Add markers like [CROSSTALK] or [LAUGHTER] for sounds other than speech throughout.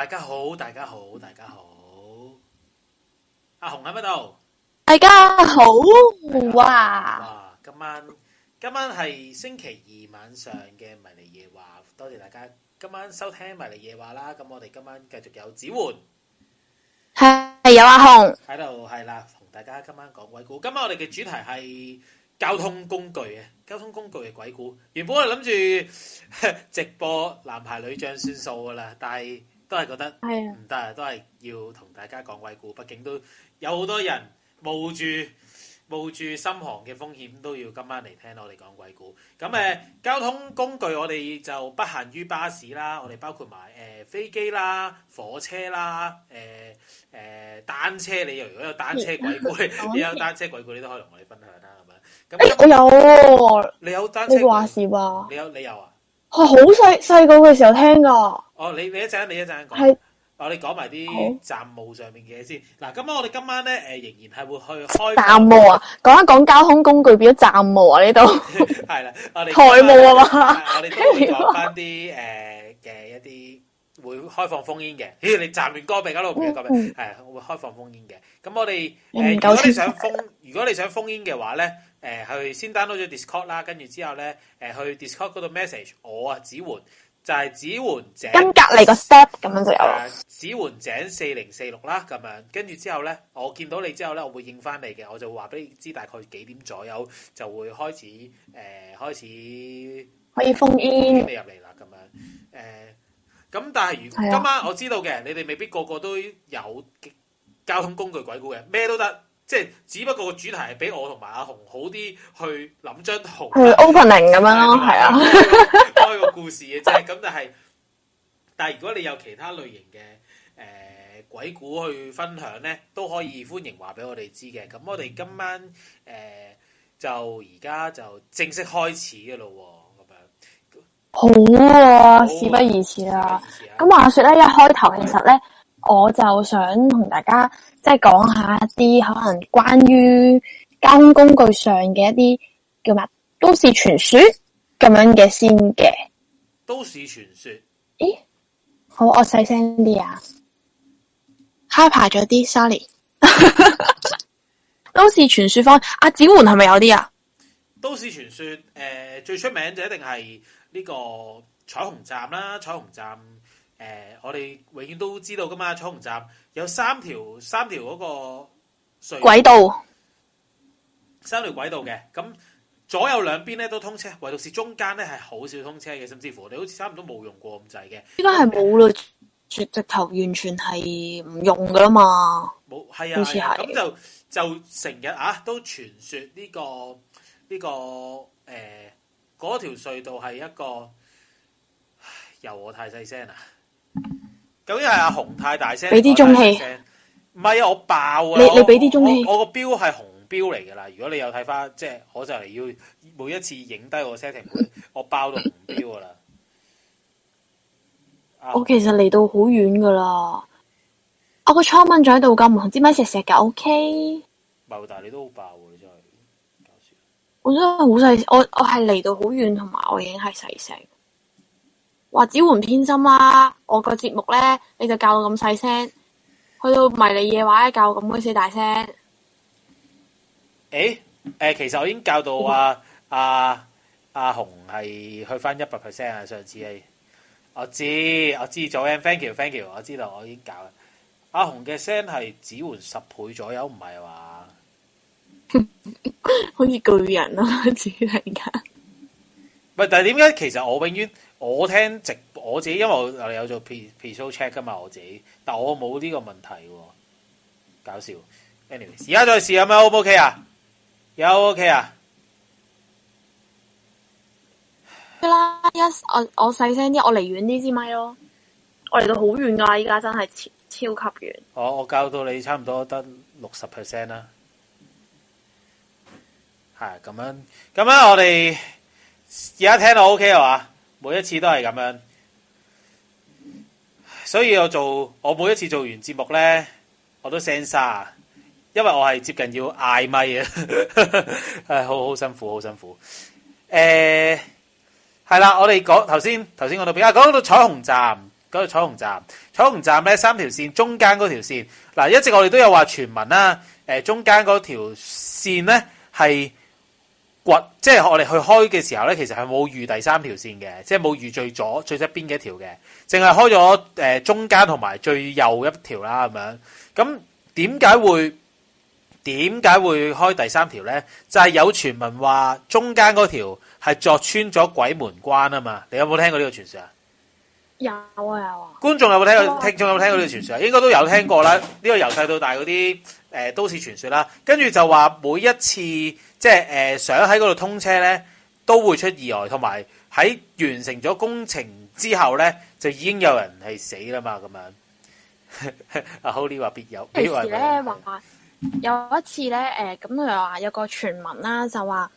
大家好，大家好，大家好，阿紅喺邊度？大家好哇！今晚今晚係星期二晚上嘅迷離夜話，多謝大家今晚收聽迷離夜話啦。咁我哋今晚繼續有子桓，係，係有阿紅喺度，係啦，同大家今晚講鬼故。今晚我哋嘅主題係交通工具嘅交通工具嘅鬼故。原本我諗住直播男排女將算數噶啦，但係。都係覺得唔得啊！都係要同大家講鬼故，畢竟都有好多人冒住冒住心寒嘅風險，都要今晚嚟聽我哋講鬼故。咁誒，交通工具我哋就不限於巴士啦，我哋包括埋誒飛機啦、火車啦、誒誒單車。你如果有單車鬼故，你有單車鬼故，你都可以同我哋分享啦，咁樣。咁我有，你有單車？你話事喎？你有你有啊？係好細細個嘅時候聽噶。哦，你你一陣，你一陣講。係，我哋講埋啲站務上面嘅嘢先。嗱，今晚我哋今晚咧，誒，仍然係會去開站務啊。講一講交通工具變咗站務啊？呢度係啦，我哋台務啊嘛。我哋講翻啲誒嘅一啲會開放 phone in 嘅。咦，你站完歌俾，一路俾歌俾，係會開放 phone in 嘅。咁我哋誒，如果你想封，如果你想 phone in 嘅話咧。誒，去先 download 咗 Discord 啦，跟住之後咧，誒去 Discord 嗰度 message 我啊，子桓就係、是、子桓井，跟隔籬個 step 咁樣就有、呃、子桓井四零四六啦，咁樣跟住之後咧，我見到你之後咧，我會應翻你嘅，我就會話俾你知大概幾點左右就會開始誒、呃，開始可以 phone in 你入嚟啦，咁樣誒。咁、呃、但係如果今晚我知道嘅，的你哋未必個個都有交通工具鬼故嘅，咩都得。即係只不過個主題係俾我同埋阿紅好啲去諗張圖，去開是是是是 opening 咁樣咯，係是啊，開 [LAUGHS] 個故事嘅就係咁，但係但係如果你有其他類型嘅誒、呃、鬼故去分享咧，都可以歡迎話俾我哋知嘅。咁我哋今晚誒、呃、就而家就正式開始嘅咯喎，咁樣好喎、啊，事不宜遲啊。咁、哦啊、話説咧，一開頭其實咧。 [NOISE] 我就想同大家即係講下一啲可能關於交通工具上嘅一啲叫乜都市傳說咁樣嘅先嘅都市傳說。咦，好，我細聲啲啊，hyper 咗啲，sorry。 [LAUGHS] 都，傳啊是是啊、都市傳說方阿子桓係咪有啲啊？都市傳說誒，最出名就一定係呢個彩虹站啦，彩虹站。誒，我哋永遠都知道噶嘛，彩虹站有三條三條嗰個隧道，三條軌道嘅，咁左右兩邊咧都通車，唯獨是中間咧係好少通車嘅，甚至乎你好似差唔多冇用過咁滯嘅。依家係冇啦，直頭完全係唔用噶啦嘛，冇係啊，好似係咁就就成日啊都傳說呢個呢個誒嗰條隧道係一個，由我太細聲啦。究竟係阿紅太大聲，俾啲中氣，唔係啊，我爆啊！你你俾啲中氣，我個標係紅標嚟噶啦。如果你有睇翻，即係我就係要每一次影低我 setting， [LAUGHS] 我爆到紅標噶啦。 [LAUGHS] 啊、我其實嚟到好遠噶啦，我個窗蚊喺度噶，唔知隻蚊食食噶。O K，唔係，但係你都好爆，你真係，我都係好細，我我係嚟到好遠，同埋我已經係細聲。話子桓偏心啦、啊！我個節目咧，你就教到咁細聲，去到迷離夜話咧，教咁鬼死大聲。誒誒、欸呃，其實我已經教到阿阿阿紅係去翻一百 percent 啊！上次係我知我知咗嘅，thank you thank you，我知道，我，知道，我，知道我已經教阿、啊、紅嘅聲係子桓十倍左右，唔係話好似巨人咯、啊，只係而家。唔但係點解？其實我永遠。我聽直我自己，因為我有做 Pre Show Check 噶嘛，我自己，但我冇呢個問題，啊，搞笑。Anyways，而家再試下咩 O 唔 O K 啊？有 o k 啊？得啦，一我我細聲啲，我離遠啲支咪咯，我離到好遠噶，依家真係超超級遠。我我教到你差唔多得六十 percent 啦，係咁樣咁樣，樣我哋而家聽到 O，O，K 係嘛？每一次都係咁樣，所以我做我每一次做完節目呢，我都聲沙，因為我係接近要嗌咪啊，好 [LAUGHS] 好、哎、辛苦，好辛苦。誒、哎，係啦，我哋講頭先，頭先講到邊啊？講到彩虹站，講到彩虹站，彩虹站呢三條線中間嗰條線，嗱、啊，一直我哋都有話傳聞啦，誒、啊，中間嗰條線呢，係。即係我哋去開嘅時候呢，其實係冇預第三條線嘅，即係冇預最左最側邊嘅一條嘅，淨係開咗誒、呃、中間同埋最右一條啦咁樣。咁點解會點解會開第三條呢？就係、是、有傳聞話中間嗰條係鑿穿咗鬼門關啊嘛！你有冇聽過呢個傳說有啊？有啊有、有、有啊！觀眾有冇聽過？聽眾有冇聽過呢個傳說啊？應該都有聽過啦。呢個由細到大嗰啲。誒都市傳說啦，跟住就話每一次即係誒、呃、想喺嗰度通車咧，都會出意外，同埋喺完成咗工程之後咧，就已經有人係死啦嘛。咁樣啊，阿 Holly 話必有。其實咧，話有一次咧，誒咁佢又話有個傳聞啦、啊，就話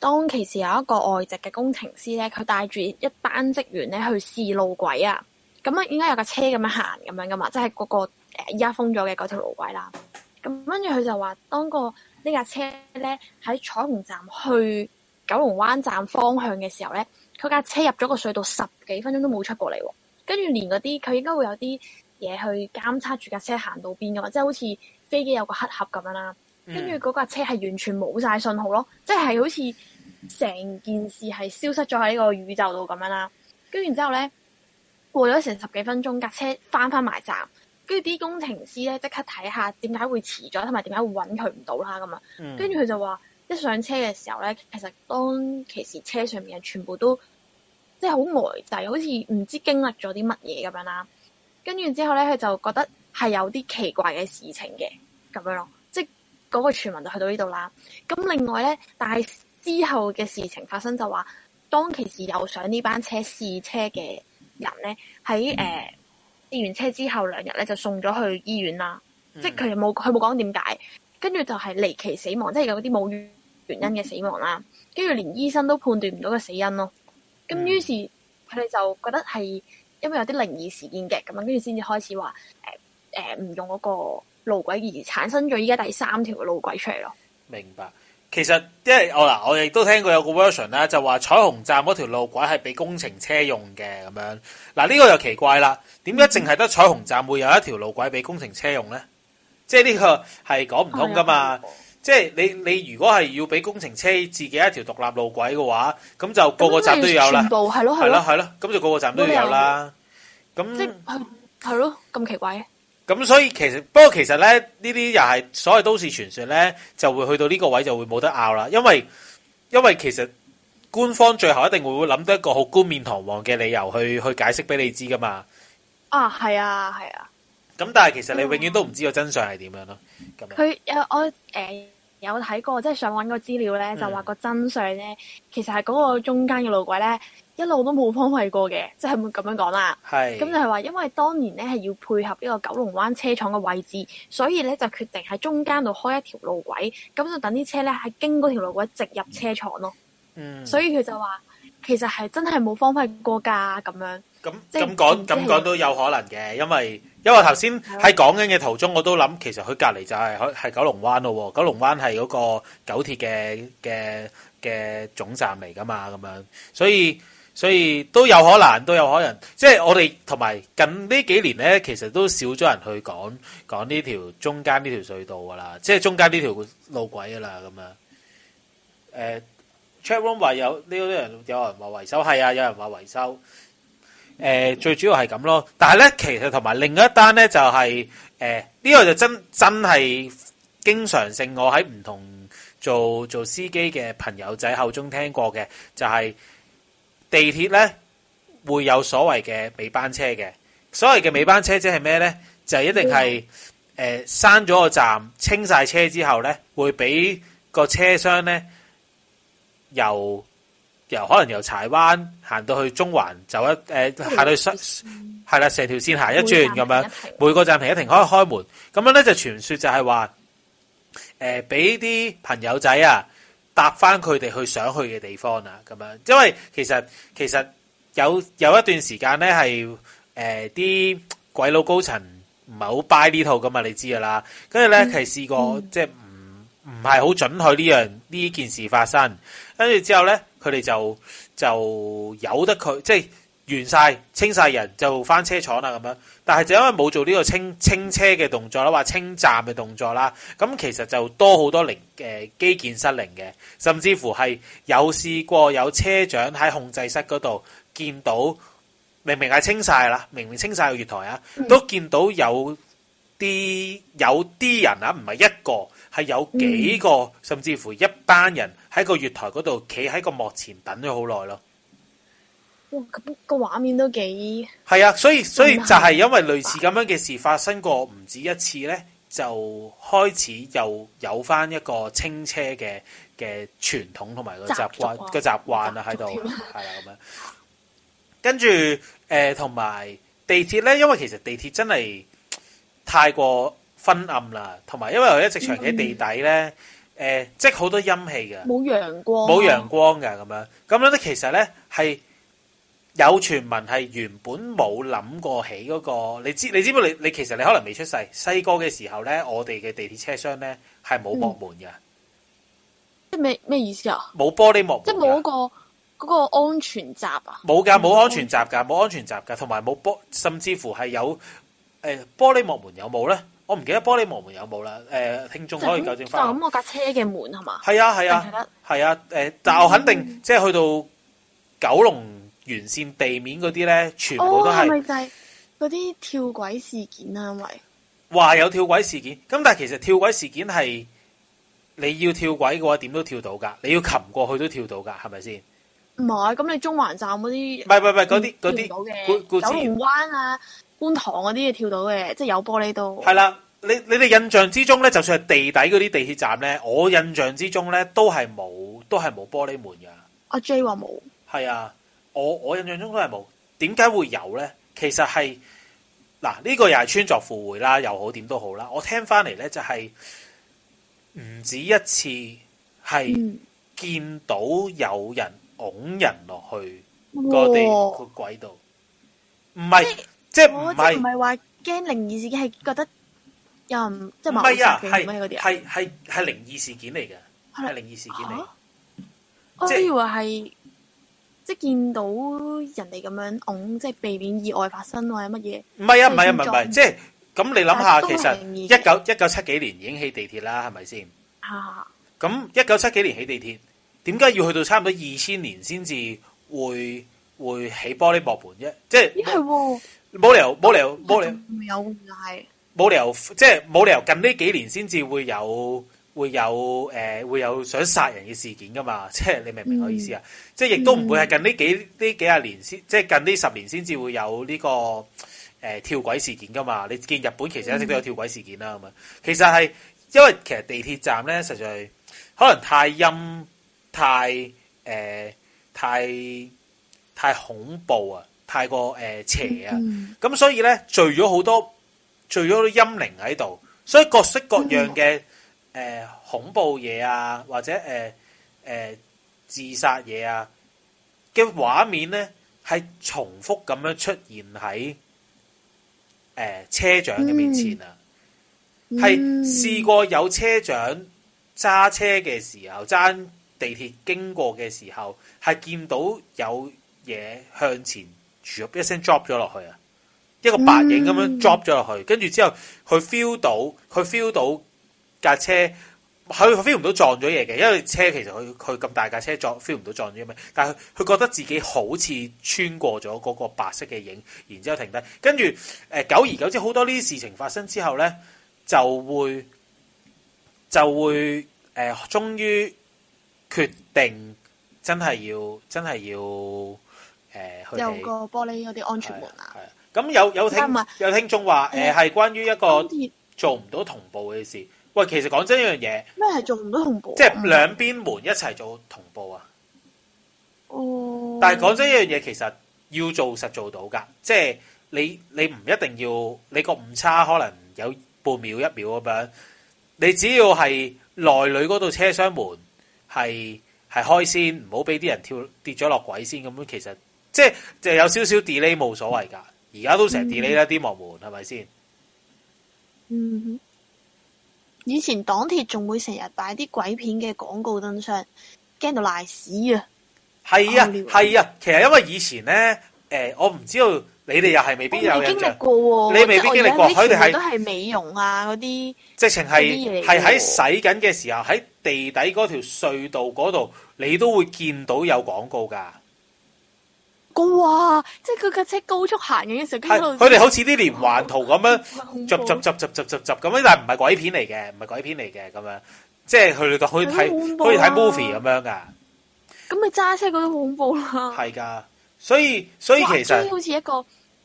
當其時有一個外籍嘅工程師咧，佢帶住一班職員咧去試路軌啊。咁啊，應該有架車咁樣行咁樣噶嘛，即係嗰個誒而家封咗嘅嗰條路軌啦、啊。咁跟住佢就話，當個呢架車咧喺彩虹站去九龍灣站方向嘅時候咧，佢架車入咗個隧道十幾分鐘都冇出過嚟喎、哦。跟住連嗰啲佢應該會有啲嘢去監測住架車行到邊㗎嘛，即係好似飛機有個黑盒咁樣啦。跟住嗰架車係完全冇晒信號咯，即係好似成件事係消失咗喺呢個宇宙度咁樣啦。跟住之後咧，過咗成十幾分鐘，架車翻翻埋站。跟住啲工程師咧，即刻睇下點解會遲咗，同埋點解會揾佢唔到啦咁啊！跟住佢就話，一上車嘅時候咧，其實當其時車上面嘅全部都即係好呆滯，好似唔知經歷咗啲乜嘢咁樣啦。跟住之後咧，佢就覺得係有啲奇怪嘅事情嘅咁樣咯，即係嗰個傳聞就去到呢度啦。咁另外咧，但係之後嘅事情發生就話，當其時有上呢班車試車嘅人咧，喺誒，呃跌完車之後兩日咧，就送咗去醫院啦，嗯、即係佢又冇佢冇講點解，跟住就係離奇死亡，即係有啲冇原因嘅死亡啦，跟住連醫生都判斷唔到個死因咯，咁於、嗯、是佢哋就覺得係因為有啲靈異事件嘅咁樣，跟住先至開始話誒誒唔用嗰個路軌而產生咗依家第三條路軌出嚟咯。明白。其實，因為我嗱，我亦都聽過有個 version 咧，就話彩虹站嗰條路軌係俾工程車用嘅咁樣。嗱呢個又奇怪啦，點解淨係得彩虹站會有一條路軌俾工程車用咧？即係呢個係講唔通噶嘛？即係你你如果係要俾工程車自己一條獨立路軌嘅話，咁就個個站都要有啦。全部係咯係咯係咯，咁就個個站都要有啦。咁即係係咯，咁奇怪嘅。咁所以其實，不過其實咧，呢啲又係所謂都市傳説咧，就會去到呢個位就會冇得拗啦，因為因為其實官方最後一定會會諗到一個好冠冕堂皇嘅理由去去解釋俾你知噶嘛。啊，係啊，係啊。咁但係其實你永遠都唔知個真相係點樣咯。佢啊、嗯，咁樣我誒。哎有睇過，即係上網搵個資料呢，就話個真相呢，其實係嗰個中間嘅路軌呢，一路都冇荒廢過嘅，即係咁樣講啦。係是。咁就係話，因為當年呢係要配合呢個九龍灣車廠嘅位置，所以呢就決定喺中間度開一條路軌，咁就等啲車呢係經嗰條路軌直入車廠咯。嗯。所以佢就話，其實係真係冇荒廢過架咁樣。咁咁講咁講都有可能嘅，因為。因為頭先喺講緊嘅途中，我都諗其實佢隔籬就係係九龍灣咯，九龍灣係嗰個九鐵嘅、嘅、嘅總站嚟噶嘛，咁樣，所以所以都有可能，都有可能，即係我哋同埋近呢幾年咧，其實都少咗人去講講呢條中間呢條隧道噶啦，即係中間呢條路軌噶啦，咁樣。誒，Chatroom 話有呢嗰啲人有人話維修，係啊，有人話維修。誒、呃、最主要係咁咯，但係咧，其實同埋另一單咧就係誒呢個就真真係經常性，我喺唔同做做司機嘅朋友仔口中聽過嘅，就係、是、地鐵咧會有所謂嘅尾班車嘅。所謂嘅尾班車即係咩咧？就係、是、一定係誒閂咗個站清晒車之後咧，會俾個車廂咧由。由可能由柴灣行到去中環，走一誒行到係啦，成條線行一轉咁樣，每，站每個站停一停開開門，咁、嗯、樣咧就傳說就係話誒俾啲朋友仔啊搭翻佢哋去想去嘅地方啦，咁樣因為其實其實有有一段時間咧係誒啲鬼佬高層唔係好 buy 呢套噶嘛，你知噶啦，跟住咧佢試過即係唔唔係好准許呢樣呢件事發生，跟住之後咧。佢哋就就由得佢，即係完晒清晒人就翻車廠啦咁樣，但係就因為冇做呢個清清車嘅動作啦，話清站嘅動作啦，咁、嗯、其實就多好多零誒機件失靈嘅，甚至乎係有試過有車長喺控制室度見到，明明係清晒啦，明明清晒個月台啊，都見到有啲有啲人啊，唔係一個係有幾個、嗯、甚至乎一班人。喺個月台嗰度，企喺個幕前等咗好耐咯。哇，咁個畫面都幾係啊！所以，所以就係因為類似咁樣嘅事發生過唔止一次呢，就開始又有翻一個清車嘅嘅傳統同埋個習慣個習慣啊喺度，係啦咁樣。跟住誒，同埋地鐵呢，因為其實地鐵真係太過昏暗啦，同埋因為我一直長期地底呢。嗯嗯誒、呃，即係好多陰氣嘅，冇陽光，冇陽光嘅咁的樣，咁樣咧，其實咧係有傳聞係原本冇諗過起嗰、那個，你知你知唔知你你其實你可能未出世，細個嘅時候咧，我哋嘅地鐵車廂咧係冇幕門嘅，即係咩咩意思啊？冇玻璃幕門，即係冇嗰個、那個安全閘啊？冇噶，冇、嗯、安全閘噶，冇安全閘噶，同埋冇玻，甚至乎係有誒、呃、玻璃幕門有冇咧？我唔記得玻璃門門有冇啦，誒、呃、聽眾可以糾正翻。咁，我架車嘅門係嘛？係啊係啊，係啊誒、啊呃！但我肯定，嗯、即係去到九龍沿線地面嗰啲咧，全部都係。哦，咪就係嗰啲跳軌事件啊，因為話有跳軌事件，咁但係其實跳軌事件係你要跳軌嘅話，點都跳到㗎，你要擒過去都跳到㗎，係咪先？唔係，咁你中環站嗰啲唔係唔係嗰啲嗰啲，九龍灣啊。觀塘嗰啲嘢跳到嘅，即係有玻璃都。係啦、啊，你你哋印象之中咧，就算係地底嗰啲地鐵站咧，我印象之中咧都係冇，都係冇玻璃門噶、啊啊。阿 J 話冇，係啊，我我印象中都係冇。點解會有咧？其實係嗱，呢個又係穿鑿附會啦，又好點都好啦。我聽翻嚟，咧，就係唔止一次係見到有人拱人落去嗰地、嗰個軌道，唔係。即係唔係，即係唔係話驚靈異事件，係覺得有人，即係冇錢嗰啲啊？係係係靈異事件嚟嘅，係靈異事件嚟。啊、即我以為係即係見到人哋咁樣拱，即、就、係、是、避免意外發生或者乜嘢。唔係啊，唔係唔係唔係，即係咁你諗下，是是其實一九一九七幾年已經起地鐵啦，係咪先？咁一九七幾年起地鐵，點解要去到差唔多二千年先至會會起玻璃幕門啫？即係係、啊啊冇理由，冇理由，冇理由，有就係冇理由，即係冇理由。近呢幾年先至會有，會有，誒、呃，會有想殺人嘅事件㗎嘛？即係你明唔明我意思啊？嗯、即係亦都唔會係近呢幾呢幾十年先，即係近呢十年先至會有呢、這個誒、呃、跳軌事件㗎嘛？你見日本其實一直都有跳軌事件啦，咁啊、嗯，其實係因為其實地鐵站咧，實在可能太陰太誒、呃、太太恐怖啊！太過誒、呃、邪啊！咁、嗯、所以咧，聚咗好多聚咗好多陰靈喺度，所以各式各樣嘅誒、呃、恐怖嘢啊，或者誒誒、呃呃、自殺嘢啊嘅畫面咧，係重複咁樣出現喺誒、呃、車長嘅面前啊。係試、嗯嗯、過有車長揸車嘅時候，揸地鐵經過嘅時候，係見到有嘢向前。一聲 drop 咗落去啊！一個白影咁樣 drop 咗落去，跟住之後佢 feel 到，佢 feel 到架車，佢佢 feel 唔到撞咗嘢嘅，因為車其實佢佢咁大架車撞 feel 唔到撞咗嘢咩？但係佢覺得自己好似穿過咗嗰個白色嘅影，然之後停低，跟住誒，久而久之，好多呢啲事情發生之後咧，就會就會誒、呃，終於決定真係要，真係要。誒，呃、有個玻璃有啲安全門啊。係咁、啊、有有聽有聽眾話，誒、呃、係關於一個做唔到同步嘅事。喂，其實講真一樣嘢，咩係做唔到同步？即係兩邊門一齊做同步啊。哦、嗯。但係講真一樣嘢，其實要做實做到噶，即係你你唔一定要你個誤差可能有半秒一秒咁樣，你只要係內裏嗰度車廂門係係開先，唔好俾啲人跳跌咗落軌先，咁樣其實。即係，就有少少 delay 冇所謂噶。而家都成日 delay 一啲幕門，係咪先？嗯，以前港鐵仲會成日擺啲鬼片嘅廣告燈箱，驚到賴屎啊！係、哦、啊，係啊，其實因為以前咧，誒、呃，我唔知道你哋又係未必有未經歷過，你未必經歷過。佢哋係都係美容啊嗰啲，直情係係喺洗緊嘅時候，喺地底嗰條隧道嗰度，你都會見到有廣告噶。哇！即係佢架車高速行嘅時候，佢佢哋好似啲連環圖咁樣，續續續續續續咁樣，但係唔係鬼片嚟嘅，唔係鬼片嚟嘅咁樣，即係佢哋可以睇，可以睇 movie 咁樣噶。咁你揸車覺得好恐怖啦？係噶，所以所以其實好似一個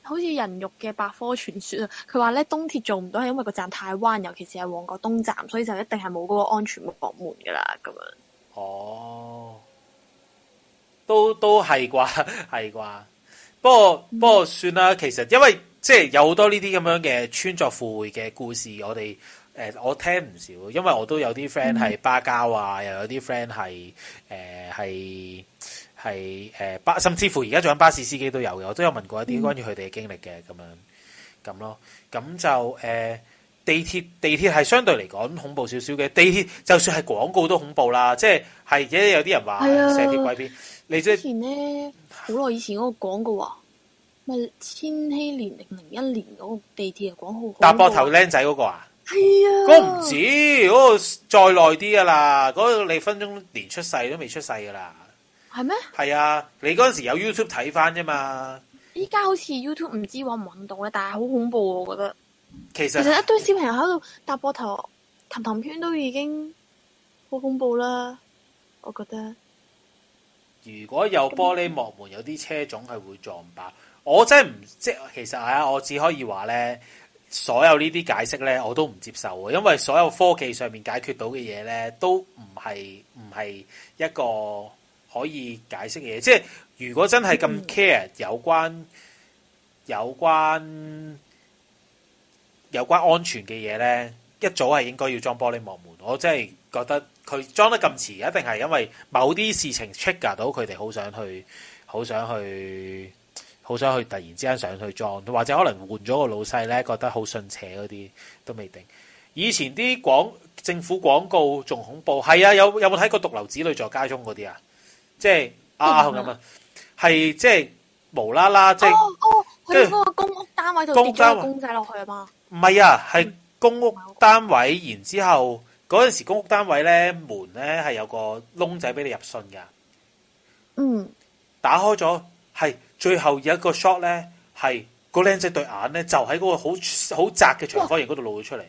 好似人肉嘅百科傳說啊。佢話咧，東鐵做唔到係因為個站太彎，尤其是係旺角東站，所以就一定係冇嗰個安全防護門噶啦。咁樣哦。都都係啩，係啩。不過不過算啦，其實因為即係有好多呢啲咁樣嘅穿鑿附會嘅故事，我哋誒、呃、我聽唔少，因為我都有啲 friend 係巴交啊，又有啲 friend 係誒係係誒巴，甚至乎而家仲做緊巴士司機都有嘅，我都有問過一啲關於佢哋嘅經歷嘅咁樣咁咯。咁就誒、呃、地鐵地鐵係相對嚟講恐怖少少嘅，地鐵就算係廣告都恐怖啦。即係係而家有啲人話石鐵鬼片。就是，以前咧，好耐以前嗰個廣告啊，咪千禧年零零一年嗰個地鐵啊，廣告搭膊頭靚仔嗰個啊，係啊，嗰唔止，嗰、那個再耐啲噶啦，嗰、那個你分鐘連出世都未出世噶啦，係咩嗎？係啊，你嗰陣時有 YouTube 睇翻啫嘛，依家好似 YouTube 唔知揾唔揾到咧，但係好恐怖我覺得，其實其實一堆小朋友喺度搭膊頭氹氹圈都已經好恐怖啦，我覺得。實如果有玻璃幕門，有啲車種係會撞爆。我真係唔即其實係啊，我只可以話咧，所有呢啲解釋咧，我都唔接受嘅，因為所有科技上面解決到嘅嘢咧，都唔係唔係一個可以解釋嘅嘢。即係如果真係咁 care 有關有關有關有關安全嘅嘢咧，一早係應該要裝玻璃幕門。我真係覺得。佢裝得咁遲，一定係因為某啲事情 check 到佢哋，好想去，好想去，好想去，突然之間上去裝，或者可能換咗個老細呢，覺得好順扯嗰啲都未定。以前啲廣政府廣告仲恐怖，係啊，有有冇睇過獨留子女在家中嗰啲啊？即係啊，係咁啊，係即係無啦啦，即係即係嗰個公屋單位度跌咗公仔落去啊嘛？唔係啊，係公屋單位，嗯、然後之後。嗰陣時公屋單位咧門咧係有個窿仔俾你入信噶，嗯，打開咗，係最後有一個 shot 咧，係、嗰個靚仔對眼咧就喺嗰個好好窄嘅長方形嗰度露咗出嚟，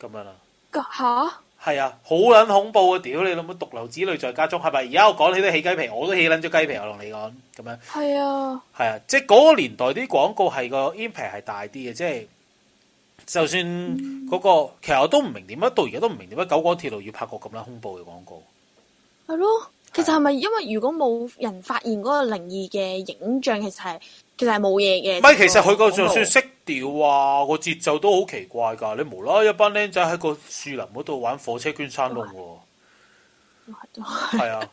咁樣啦，吓，係啊，好捻、啊啊啊、恐怖啊！屌你老母獨留子女在家中係咪？而家我講起都起雞皮，我都起捻咗雞皮，我同你講咁樣，係啊，係啊，即係嗰個年代啲廣告係個 impact 係大啲嘅，即、就、係、是。就算嗰個，其實我都唔明點解，到而家都唔明點解九廣鐵路要拍過咁樣恐怖嘅廣告。係咯，其實係咪因為如果冇人發現嗰個靈異嘅影像，其實係其實係冇嘢嘅。咪其實佢個就算色調啊，個節奏都好奇怪㗎。你無啦啦，一班僆仔喺個樹林嗰度玩火車捐山窿喎。係啊，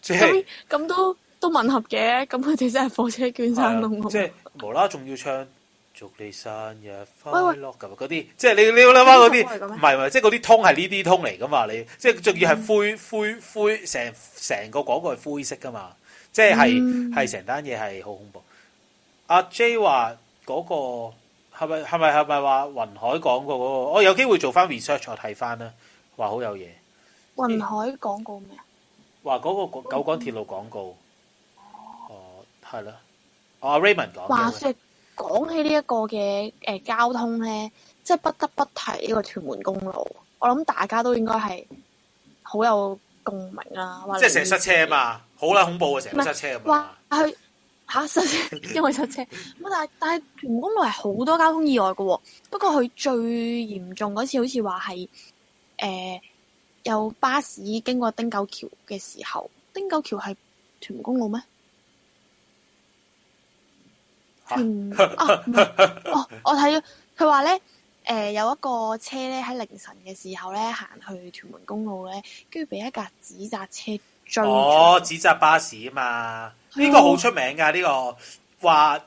即係咁都都吻合嘅，咁佢哋真係火車捐山窿。即係無啦啦，仲要唱。祝你生日快樂咁嗰啲，即係你你諗翻嗰啲，唔係唔係，即係嗰啲通係呢啲通嚟噶嘛？你即係仲要係灰灰灰，成成個廣告係灰色噶嘛？即係係成單嘢係好恐怖。阿 J 話嗰個係咪係咪係咪話雲海廣告嗰個？我有機會做翻 research 再睇翻啦。話好有嘢。雲海廣告咩？話嗰個九廣鐵路廣告。哦，係咯。阿 Raymond 講講起呢一個嘅誒、呃、交通咧，即係不得不提呢個屯門公路。我諗大家都應該係好有共鳴啊！即係成日塞車啊嘛，好鬼恐怖啊！成日塞車啊嘛。話吓塞車，因為塞車。咁 [LAUGHS] 但係但係屯門公路係好多交通意外嘅，哦。不過佢最嚴重嗰次好，好似話係誒有巴士經過汀九橋嘅時候。汀九橋係屯門公路咩？嗯，哦、啊，哦、 [LAUGHS] 啊啊，我睇到佢話咧，誒、呃，有一個車咧喺凌晨嘅時候咧行去屯門公路咧，跟住俾一架紙紮車追。哦，紙紮巴士啊嘛，呢的個好出名噶呢、這個，話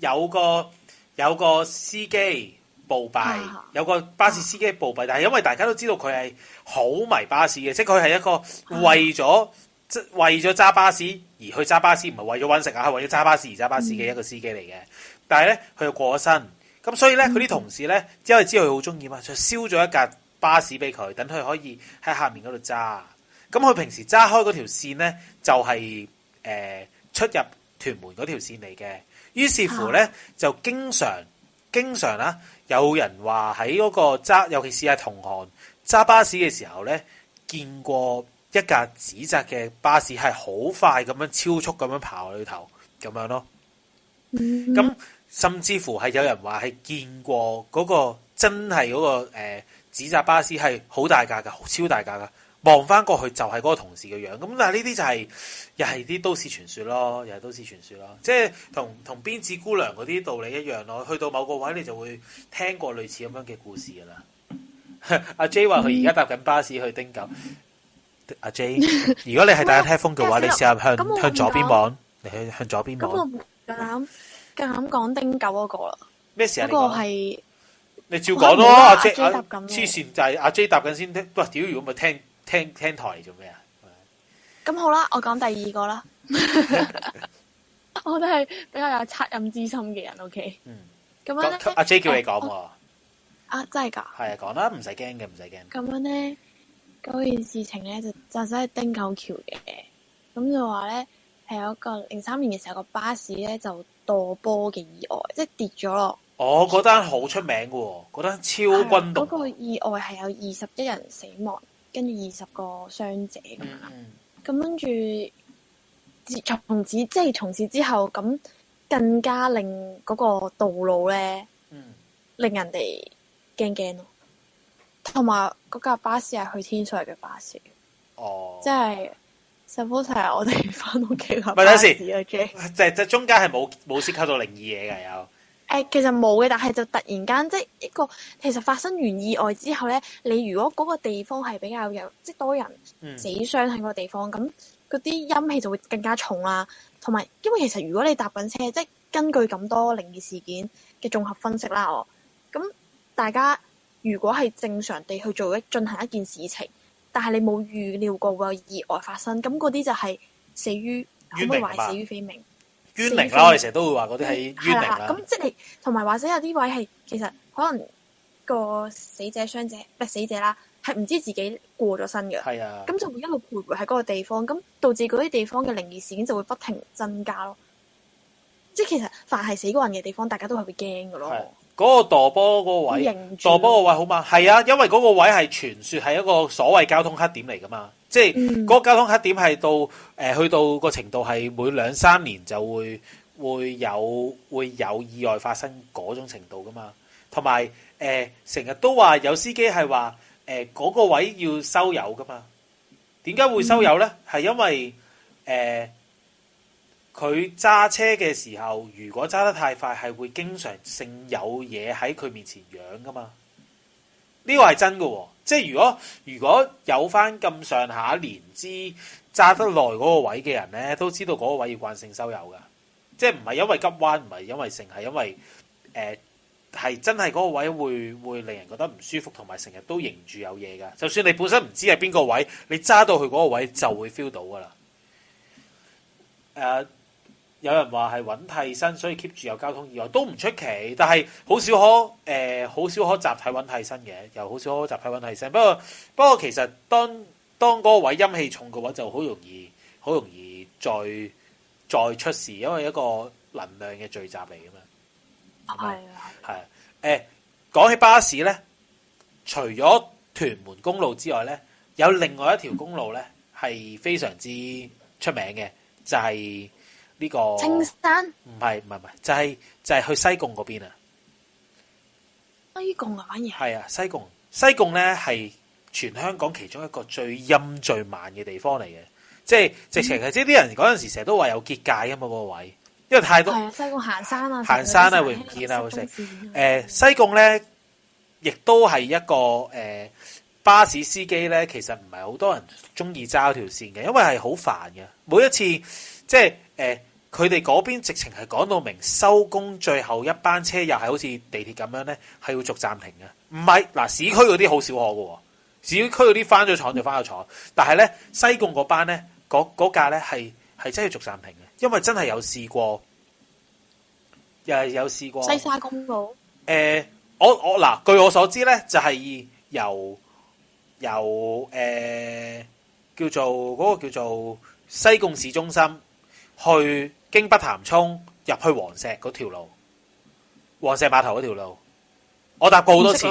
有個有個司機暴斃，的有個巴士司機暴斃，的但係因為大家都知道佢係好迷巴士嘅，即係佢係一個為咗。即為咗揸巴士而去揸巴士，唔係為咗揾食啊！係為咗揸巴士而揸巴士嘅一個司機嚟嘅。嗯、但係咧，佢又過咗身，咁所以咧，佢啲、嗯、同事咧因為知道佢好中意嘛，就燒咗一架巴士俾佢，等佢可以喺下面嗰度揸。咁佢平時揸開嗰條線咧，就係、是、誒、呃、出入屯門嗰條線嚟嘅。於是乎咧，就經常經常啦、啊，有人話喺嗰個揸，尤其是係同行揸巴士嘅時候咧，見過。一架紫色嘅巴士係好快咁樣超速咁樣跑去頭咁樣咯，咁、嗯、甚至乎係有人話係見過嗰、那個真係嗰、那個誒、呃、紫色巴士係好大架噶，超大架噶，望翻過去就係嗰個同事嘅樣。咁但係呢啲就係、是、又係啲都市傳說咯，又係都市傳說咯，即係同同辮子姑娘嗰啲道理一樣咯。去到某個位，你就會聽過類似咁樣嘅故事噶啦。阿、啊、J 話佢而家搭緊巴士去丁九。阿 J，如果你係戴 headphone 嘅話，你試下向向左邊望，你去向左邊望。咁我唔敢，咁講丁九嗰個啦。咩時候？呢個係你照講咯。阿 J 搭緊，黐線就係阿 J 搭緊先。喂，屌，如果唔係聽聽聽台做咩啊？咁好啦，我講第二個啦。我哋係比較有責任之心嘅人。OK，咁樣咧，阿 J 叫你講喎。啊，真係噶？係啊，講啦，唔使驚嘅，唔使驚。咁樣咧。嗰件事情咧就丁橋就使係汀九橋嘅，咁就話咧係有一個零三年嘅時候個巴士咧就墮波嘅意外，即係跌咗咯。哦，嗰單好出名嘅喎，哦，嗰單超轟動。嗰，那個意外係有二十一人死亡，跟住二十個傷者噶嘛。咁跟住自從此即係從此之後，咁更加令嗰個道路咧，嗯，令人哋驚驚咯。同埋嗰架巴士係去天水圍嘅巴士，哦、oh.，即係 suppose 係我哋翻屋企嘅巴士。唔 ok 即係即係中間係冇冇涉及到靈異嘢嘅有。誒、呃，其實冇嘅，但係就突然間即係一個，其實發生完意外之後咧，你如果嗰個地方係比較有即係多人死傷喺個地方，咁嗰啲陰氣就會更加重啦、啊。同埋，因為其實如果你搭緊車，即係根據咁多靈異事件嘅綜合分析啦，哦，咁大家。如果係正常地去做一進行一件事情，但係你冇預料過會有意外發生，咁嗰啲就係死於枉可唔可以話死於非命？冤靈枉啦，我哋成日都會、嗯、話嗰啲係冤靈啦。咁即係同埋或者有啲位係其實可能個死者、傷者，不死者啦，係唔知自己過咗身嘅。係啊的，咁就會一路徘徊喺嗰個地方，咁導致嗰啲地方嘅靈異事件就會不停增加咯。即係其實凡係死過人嘅地方，大家都係會驚㗎咯。的嗰個墮波嗰個位，墮波個位好嘛？係啊，因為嗰個位係傳説係一個所謂交通黑點嚟㗎嘛，即係嗰個交通黑點係到誒去到個程度係每兩三年就會會有會有意外發生嗰種程度㗎嘛，同埋誒成日都話有司機係話誒嗰個位要收油㗎嘛，點解會收油呢？係因為誒。佢揸車嘅時候，如果揸得太快，係會經常性有嘢喺佢面前揚噶嘛。呢、這個係真噶、哦，即係如果如果有翻咁上下年資揸得耐嗰個位嘅人呢，都知道嗰個位要慣性收油噶。即係唔係因為急彎，唔係因為成，係因為誒係、呃、真係嗰個位會會令人覺得唔舒服，同埋成日都迎住有嘢噶。就算你本身唔知係邊個位，你揸到去嗰個位就會 feel 到噶啦。誒、呃。有人話係揾替身，所以 keep 住有交通意外都唔出奇，但係好少可誒，好、呃、少可集體揾替身嘅，又好少可集體揾替身。不過不過，其實當當嗰個位陰氣重嘅話，就好容易好容易再再出事，因為一個能量嘅聚集嚟㗎嘛。係係誒，講起巴士咧，除咗屯門公路之外咧，有另外一條公路咧係非常之出名嘅，就係。呢、這個青山唔係唔係唔係，就係、是、就係、是、去西貢嗰邊，貢邊啊！西貢啊，乜嘢係啊？西貢西貢咧，係全香港其中一個最陰最慢嘅地方嚟嘅、就是嗯，即係直情係即啲人嗰陣時成日都話有結界噶嘛，嗰個位因為太多係、嗯、西貢行山啊，行山啊，山啊會唔見啊，會成、啊啊啊、西貢咧，亦都係一個誒、呃、巴士司，司機咧，其實唔係好多人中意揸條線嘅，因為係好煩嘅，每一次即係。即誒，佢哋嗰邊直情係講到明收工最後一班車又係好似地鐵咁樣呢，係要逐暫停嘅。唔係嗱，市區嗰啲好少可嘅喎，市區嗰啲翻咗廠就翻咗廠。但係呢，西貢嗰班呢，嗰架呢係係真係逐暫停嘅，因為真係有試過，又係有試過西沙公路。誒、呃，我我嗱、呃，據我所知呢，就係、是、由由誒、呃、叫做嗰、嗰個叫做西貢市中心。去經北潭涌，入去黃石嗰條路。黃石碼頭嗰條路。我搭過好多次。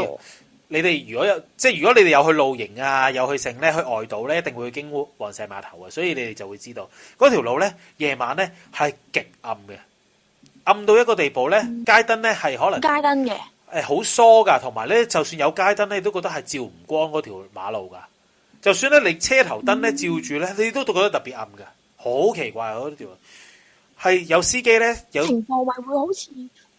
你哋如果有，即係如果你哋有去露營啊，有去城呢，去外島呢，一定會去經黃石碼頭。所以你哋就會知道。嗰條路呢，夜晚呢，係極暗嘅。暗到一個地步呢，街燈呢，係可能，街燈嘅，好疏㗎。同埋呢，就算有街燈，你都覺得係照唔光嗰條馬路㗎。就算呢，你車頭燈呢照住呢，你都覺得特別暗㗎。好奇怪嗰條，係有司機咧。有情況係會好似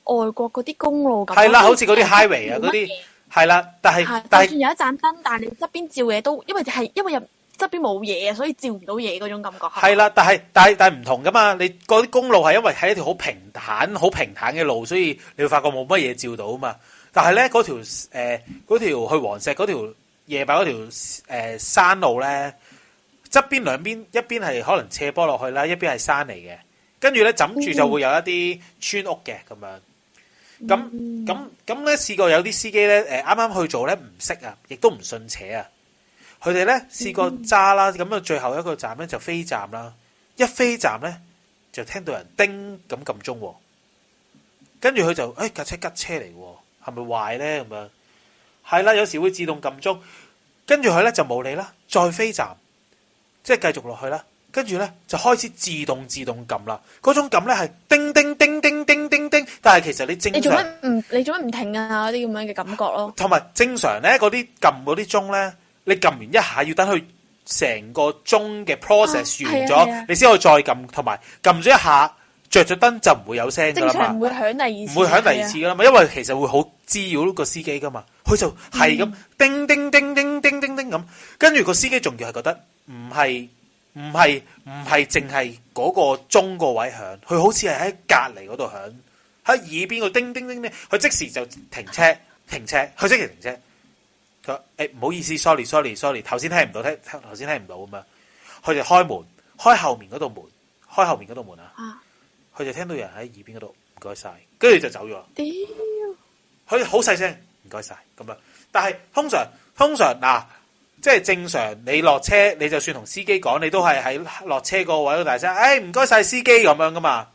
外國嗰啲公路咁。係啦，好似嗰啲 highway 啊，嗰啲係啦。但係但係有一盞燈，但係你側邊照嘢都，因為係因為入側邊冇嘢啊，所以照唔到嘢嗰種感覺。係啦，但係但係但係唔同噶嘛。你嗰啲公路係因為係一條好平坦好平坦嘅路，所以你會發覺冇乜嘢照到嘛。但係咧嗰條誒嗰條去黃石嗰條夜晚嗰條誒山路咧，側邊兩邊一邊係可能斜坡落去啦，一邊係山嚟嘅。跟住咧枕住就會有一啲村屋嘅咁樣。咁咁咁咧試過有啲司機咧，誒啱啱去做咧唔識啊，亦都唔信邪啊。佢哋咧試過揸啦，咁啊最後一個站咧就飛站啦。一飛站咧就聽到人叮咁撳鐘，跟住佢就誒架車吉車嚟喎，係咪壞咧？咁樣係啦，有時會自動撳鐘，跟住佢咧就冇理啦，再飛站。即係繼續落去啦，跟住咧就開始自動自動撳啦，嗰種撳咧係叮叮叮叮叮叮叮，但係其實你正常你做乜唔你做乜唔停啊？嗰啲咁樣嘅感覺咯，同埋正常咧嗰啲撳嗰啲鐘咧，你撳完一下要等佢成個鐘嘅 process 完咗，你先可以再撳，同埋撳咗一下着咗燈就唔會有聲，正常唔會響第二次，唔會響第二次噶啦嘛，因為其實會好滋擾個司機噶嘛，佢就係咁叮叮叮叮叮叮叮咁，跟住個司機仲要係覺得。唔係唔係唔係，淨係嗰個鐘個位響，佢好似係喺隔籬嗰度響，喺耳邊個叮叮叮咩，佢即時就停車停車，佢即時停車。佢話誒唔好意思，sorry sorry sorry，頭先聽唔到，聽頭先聽唔到咁樣，佢就開門開後面嗰度門，開後面嗰度門啊。佢就聽到有人喺耳邊嗰度，唔該晒，跟住就走咗。佢好細聲，唔該晒咁樣。但係通常通常嗱。即係正常，你落車，你就算同司機講，你都係喺落車個位度。大聲，誒唔該晒司機咁樣噶嘛。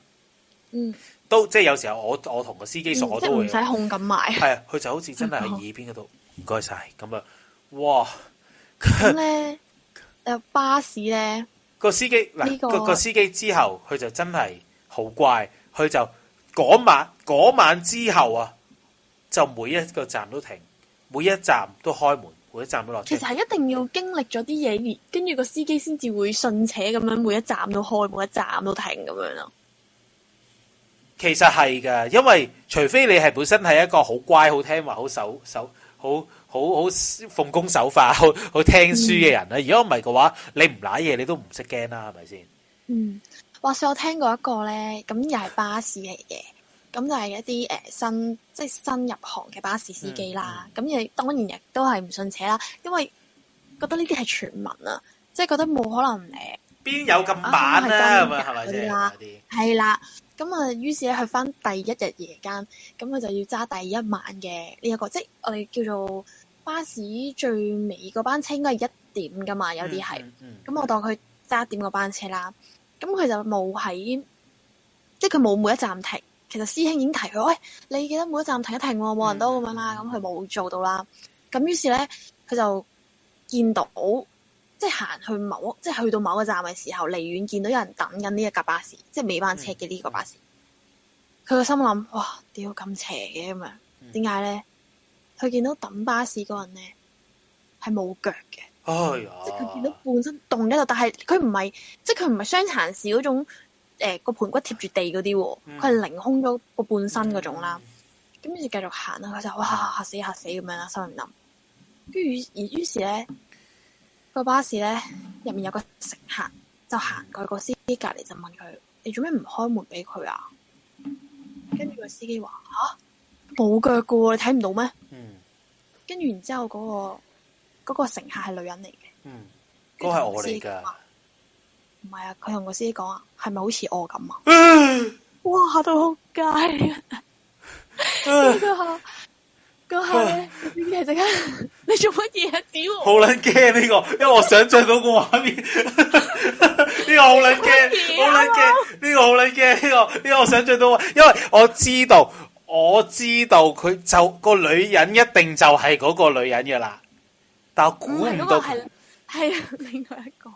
嗯，都即係有時候我我同個司機熟、嗯、我都唔使、嗯、控咁埋。係啊，佢就好似真係喺耳邊嗰度。唔該晒，咁啊，哇。咧，呢巴士咧，個司機嗱個個司機之後，佢就真係好怪。佢就嗰晚嗰晚之後啊，就每一個站都停，每一站都，每一站都開門。每一站都落。其實係一定要經歷咗啲嘢，跟住個司機先至會順且咁樣，每一站都開，每一站都停咁樣咯。其實係噶，因為除非你係本身係一個好乖、好聽話、好守守、好好好奉公守法、好好聽書嘅人咧，如果唔係嘅話，你唔瀨嘢，你都唔識驚啦，係咪先？嗯，話說我聽過一個咧，咁又係巴士嚟嘅。咁就係一啲誒新即係、就是、新入行嘅巴士司機啦。咁亦、嗯、當然亦都係唔信邪啦，因為覺得呢啲係傳聞、就是、啊，即係覺得冇可能誒。邊有咁晚啊？係咪係咪先啦。咁啊，於是咧去翻第一日夜間，咁佢就要揸第一晚嘅呢、這個即係、就是、我哋叫做巴士最尾嗰班車，應該係一點噶嘛。有啲係咁，嗯嗯嗯、我當佢揸點個班車啦。咁佢就冇喺即係佢冇每一站停。其實師兄已經提佢，喂、哎，你記得每一站停一停喎，冇人都咁樣啦。咁佢冇做到啦。咁於是咧，佢就見到，即係行去某，即係去到某一個站嘅時候，離遠見到有人等緊呢一架巴士，即係尾班車嘅呢個巴士。佢個、嗯、心諗：哇，屌咁邪嘅咁樣，點解咧？佢、嗯、見到等巴士嗰人咧係冇腳嘅，哎、呀即係佢見到半身凍喺度，但係佢唔係，即係佢唔係傷殘士嗰種。誒，個盤、哎、骨貼住地嗰啲，佢係凌空咗個半身嗰種啦。咁跟住繼續行啦，佢就哇吓死吓死咁樣啦，心諗。跟住而於是咧，個巴士咧入面有個乘客就行過去、個司機隔籬，就問佢：你做咩唔開門俾佢啊？跟住個司機話：吓、啊，冇腳噶，你睇唔到咩？嗯、跟住然之後嗰個嗰個乘客係女人嚟嘅，嗯，個係我嚟噶。唔係啊！佢同我司機講啊，係咪好似我咁啊？哇吓到好驚！佢話咁，點嘅靜啊？你做乜嘢啊？屌！好撚驚呢個，因為我想像到個畫面，呢、這個好撚驚，好撚驚，呢個好撚驚呢個，呢、這個這個這個我想像到，因為我知道，我知道佢就個女人一定就係嗰個女人嘅啦，但係估唔到係係另外一個。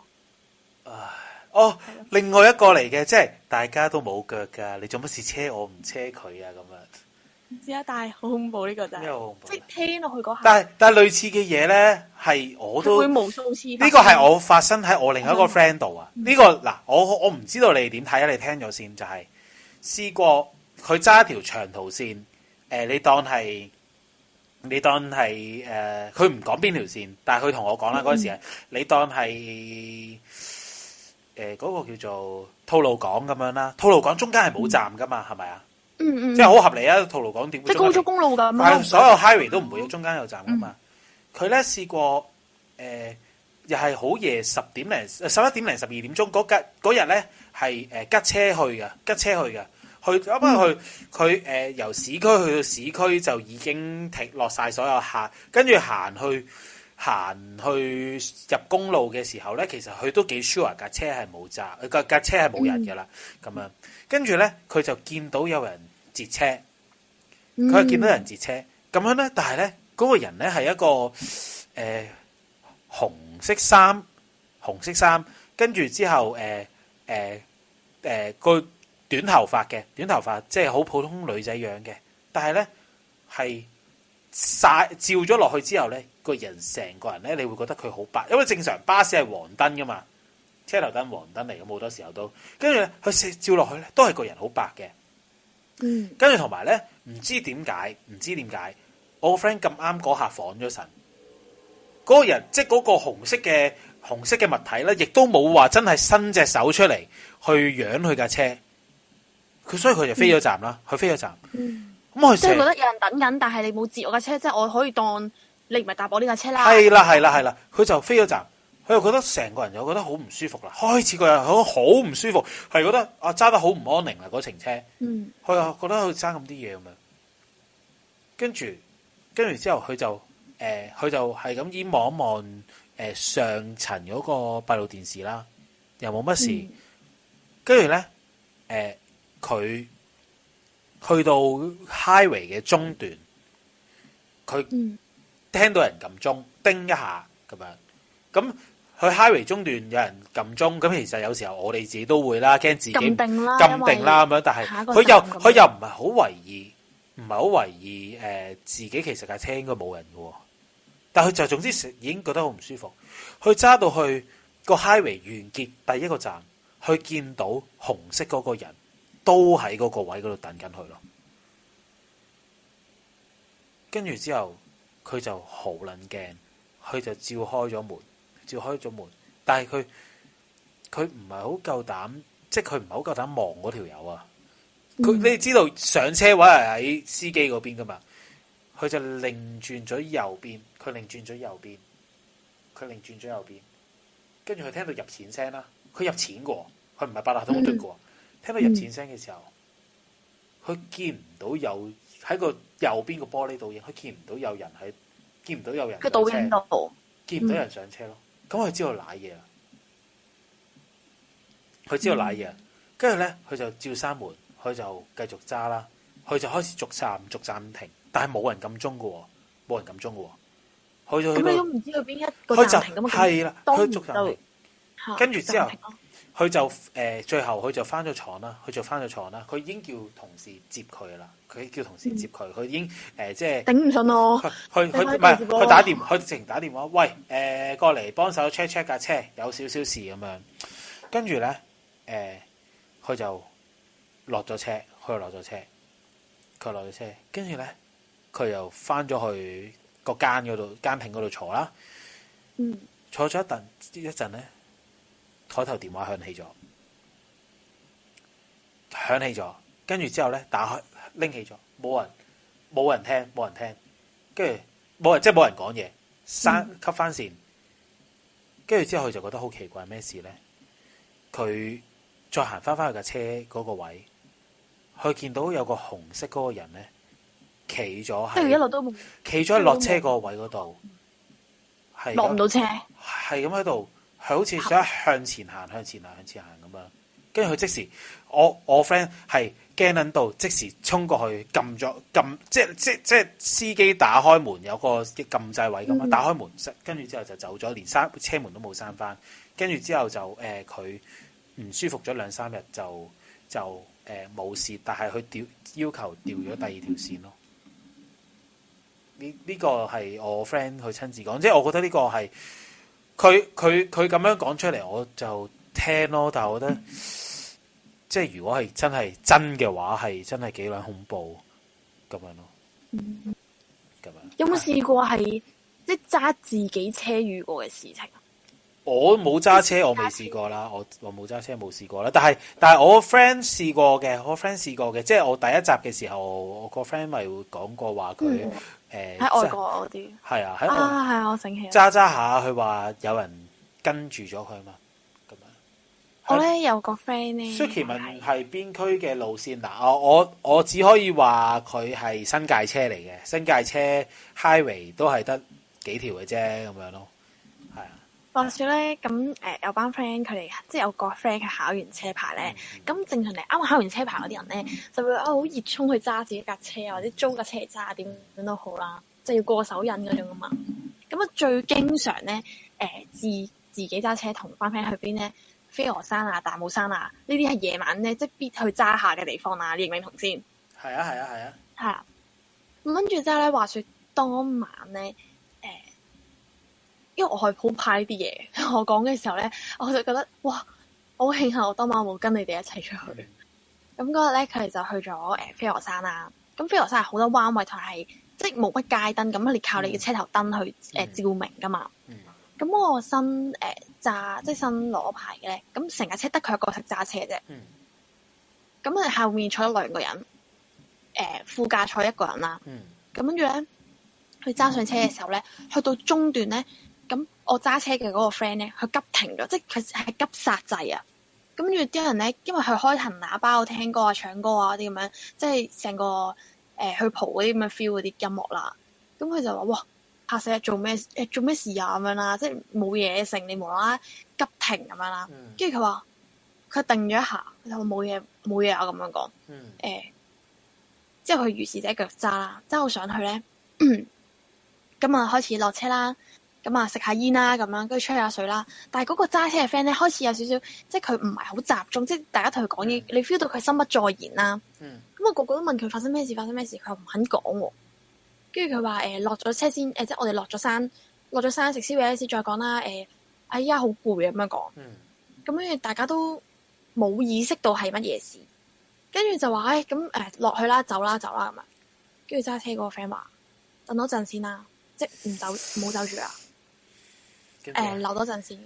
唉。哎哦，嗯、另外一個嚟嘅，即係大家都冇腳噶，你做乜事車我唔車佢啊？咁樣，唔知啊，但係好恐怖呢個就，即係聽落去嗰下。但係但係類似嘅嘢咧，係我都會無數次。呢個係我發生喺我另一個 friend 度啊。呢、嗯嗯呢個嗱，我我唔知道你點睇啊？你聽咗先就係、是、試過佢揸一條長途線，誒、呃，你當係你當係誒，佢唔講邊條線，但係佢同我講啦嗰陣時你當係。誒，嗰個叫做吐露港咁樣啦，吐露港中間係冇站噶嘛，係咪啊？嗯嗯，即係好合理啊！吐露港點？即高速公路㗎，係所有 highway 都唔會有中間有站噶嘛。佢咧試過誒，又係好夜十點零、十一點零、十二點鐘，嗰日嗰日咧係誒吉車去嘅，吉車去嘅，去咁去佢誒由市區去到市區就已經停落曬所有客，跟住行去。行去入公路嘅時候呢，其實佢都幾 sure 架車係冇揸，架架車係冇人嘅啦。咁樣、嗯，跟住呢，佢就見到有人截車，佢、嗯、見到有人截車咁樣呢，但係呢，嗰、嗰個人呢係一個誒紅色衫、紅色衫，跟住之後誒誒誒個短頭髮嘅，短頭髮即係好普通女仔樣嘅，但係呢，係。晒照咗落去之後咧，個人成個人咧，你會覺得佢好白，因為正常巴士係黃燈噶嘛，車頭燈黃燈嚟㗎嘛，好多時候都，跟住佢照落去咧，都係個人好白嘅。嗯，跟住同埋咧，唔知點解，唔知點解，我個 friend 咁啱嗰下晃咗神，嗰、嗰個人即係嗰個紅色嘅紅色嘅物體咧，亦都冇話真係伸隻手出嚟去揚佢架車，佢所以佢就飛咗站啦，佢、嗯、飛咗站。嗯即係、就是、覺得有人等緊，但係你冇接我架車，即、就、係、是、我可以當你唔係搭我呢架車啦。係啦係啦係啦，佢就飛咗站，佢又覺得成個人又覺得好唔舒服啦。開始佢又好唔舒服，係覺得啊揸得好唔安寧啦，嗰程車。嗯。佢又覺得佢爭咁啲嘢咁樣，跟住跟住之後佢就誒，佢、呃、就係咁依望一望誒、呃、上層嗰個閉路電視啦，又冇乜事。嗯、跟住咧、誒、呃、佢。去到 highway 嘅中段，佢，嗯、聽到人撳鐘叮一下咁樣，咁去 highway 中段有人撳鐘，咁其實有時候我哋自己都會啦，驚自己撳定啦，撳定啦咁為樣，但係佢又佢樣又唔係好為意，唔係好為意誒自己其實架車應該冇人嘅，但係佢就總之已經覺得好唔舒服，佢揸到去，嗰個 highway 完結第一個站，去見到紅色嗰個人，都喺嗰個位嗰度等緊佢咯，跟住之後佢就好撚驚，佢就照開咗門，照開咗門，但係佢佢唔係好夠膽，即係佢唔係好夠膽望嗰條友啊！佢你知道上車位係喺司機嗰邊噶嘛？佢就擰轉咗右邊，佢擰轉咗右邊，佢擰轉咗右邊，跟住佢聽到入錢聲啦，佢入錢個，佢唔係八達通兌個。聽到入錢聲嘅時候，佢見唔到有喺個右邊個玻璃倒影，佢見唔到有人喺，見唔到有人嘅倒影都見唔到,、嗯、到人上車咯。咁佢知道賴嘢，佢知道賴嘢，跟住咧佢就照閂門，佢就繼續揸啦，佢就開始逐站逐站停，但係冇人撳鐘噶喎，冇人撳鐘噶喎，佢佢佢都唔知道邊一個站停係啦，佢逐站停、嗯、跟住之後。佢就誒最後佢就翻咗床啦，佢就翻咗床啦。佢已經叫同事接佢啦，佢叫同事接佢。佢已經誒即係頂唔順咯。佢佢唔係佢打電，佢直情打電話喂誒、呃、過嚟幫手 check check 架車，有少少事咁樣。跟住咧誒，佢就落咗車，佢又落咗車，佢落咗車。跟住咧，佢又翻咗去個間嗰度，間亭嗰度坐啦。嗯，坐咗一陣，一陣咧。抬頭電話響起咗，響起咗，跟住之後咧，打開拎起咗，冇人冇人聽，冇人聽，跟住冇人即係冇人講嘢，刪 cut 翻線，跟住之後佢就覺得好奇怪咩事咧？佢再行翻翻去架車嗰個位，佢見到有個紅色嗰個人咧，企咗喺。一路都企咗喺落車個位嗰度，係落唔到車，係咁喺度。佢好似想向前行、向前行、向前行咁樣，跟住佢即時，我我 friend 係驚撚到即衝，即時衝過去撳咗撳，即即即司機打開門有個撳掣位咁樣，打開門，跟住之後就走咗，連閂車門都冇閂返，跟住之後就誒佢唔舒服咗兩三日，就就誒冇、呃、事，但係佢調要求調咗第二條線咯。呢、這、呢個係我 friend 佢親自講，即係我覺得呢個係。佢佢佢咁樣講出嚟，我就聽咯。但係我覺得，即係如果係真係真嘅話，係真係幾鬼恐怖咁樣咯。咁樣有冇試過係是即揸自己車遇過嘅事情？我冇揸車，車我未試過啦。我我冇揸車，冇試過啦。但係但係我個 friend 試過嘅，我 friend 試過嘅，即係我第一集嘅時候，我個 friend 咪會講過話佢。嗯誒，喺、呃、外國嗰啲係啊，喺啊，係啊，我醒起揸揸下，佢話有人跟住咗佢嘛，咁樣好咧，呢她有個 friend 咧 Suki 問係邊區嘅路線嗱的、啊，我我我只可以話佢係新界車嚟嘅，新界車 Highway 都係得幾條嘅啫，咁樣咯。話說咧，咁誒、呃、有班 friend 佢哋，即係有個 friend 佢考完車牌咧。咁正常嚟，啱考完車牌嗰啲人咧，就會啊好熱衷去揸自己架車啊，或者租架車嚟揸，點樣都好啦。即係要過手癮嗰種嘛。咁啊，最經常咧誒、呃、自自己揸車同班 friend 去邊咧？飛鵝山啊，大帽山啊，呢啲係夜晚咧即係必去揸下嘅地方啊！你認唔認同先？係啊係啊係啊！嚇、啊，咁跟住之後咧，話說當晚咧。因為我係好怕呢啲嘢，我講嘅時候咧，我就覺得哇，好慶幸我當晚冇跟你哋一齊出去。咁嗰日咧，佢哋就去咗誒飛鵝山啦。咁飛鵝山係好多彎位同係即係冇乜街燈，咁你靠你嘅車頭燈去誒照明噶嘛。咁我新誒揸即係新攞牌嘅咧，咁成架車得佢一個識揸車啫。咁我哋後面坐咗兩個人，誒副駕坐一個人啦。咁跟住咧，佢揸上車嘅時候咧，去到中段咧。我揸車嘅嗰個 friend 咧，佢急停咗，即係佢係急剎掣啊！咁，跟住啲人咧，因為佢開層喇叭，我聽歌啊、唱歌、呃欸、啊啲咁樣，即係成個誒去蒲嗰啲咁嘅 feel 嗰啲音樂啦。咁佢就話：，哇，嚇死啊！做咩？誒，做咩事啊？咁樣啦，即係冇嘢，剩你無啦啦急停咁樣啦。跟住佢話，佢定咗一下，佢就話冇嘢，冇嘢啊！咁樣講，誒、欸，嗯、之後佢如是者腳揸啦，揸我上去咧，咁啊開始落車啦。咁啊，食、嗯、下煙啦，咁樣跟住吹下水啦。但係嗰個揸車嘅 friend 咧，開始有少少，即係佢唔係好集中，即係大家同佢講嘢，mm. 你 feel 到佢心不在焉啦。咁啊、mm.，個個都問佢發生咩事？發生咩事？佢又唔肯講喎、啊。跟住佢話：誒落咗車先，誒、欸、即係我哋落咗山，落咗山食宵夜先再講啦。誒、欸，哎呀，好攰啊，咁、mm. 樣講。咁跟住大家都冇意識到係乜嘢事，跟住就話：哎、欸，咁誒落去啦，走啦，走啦，咁樣。跟住揸車嗰個 friend 話：等多陣先啦，即係唔走，冇走住啊！誒、呃、留多陣先咁樣，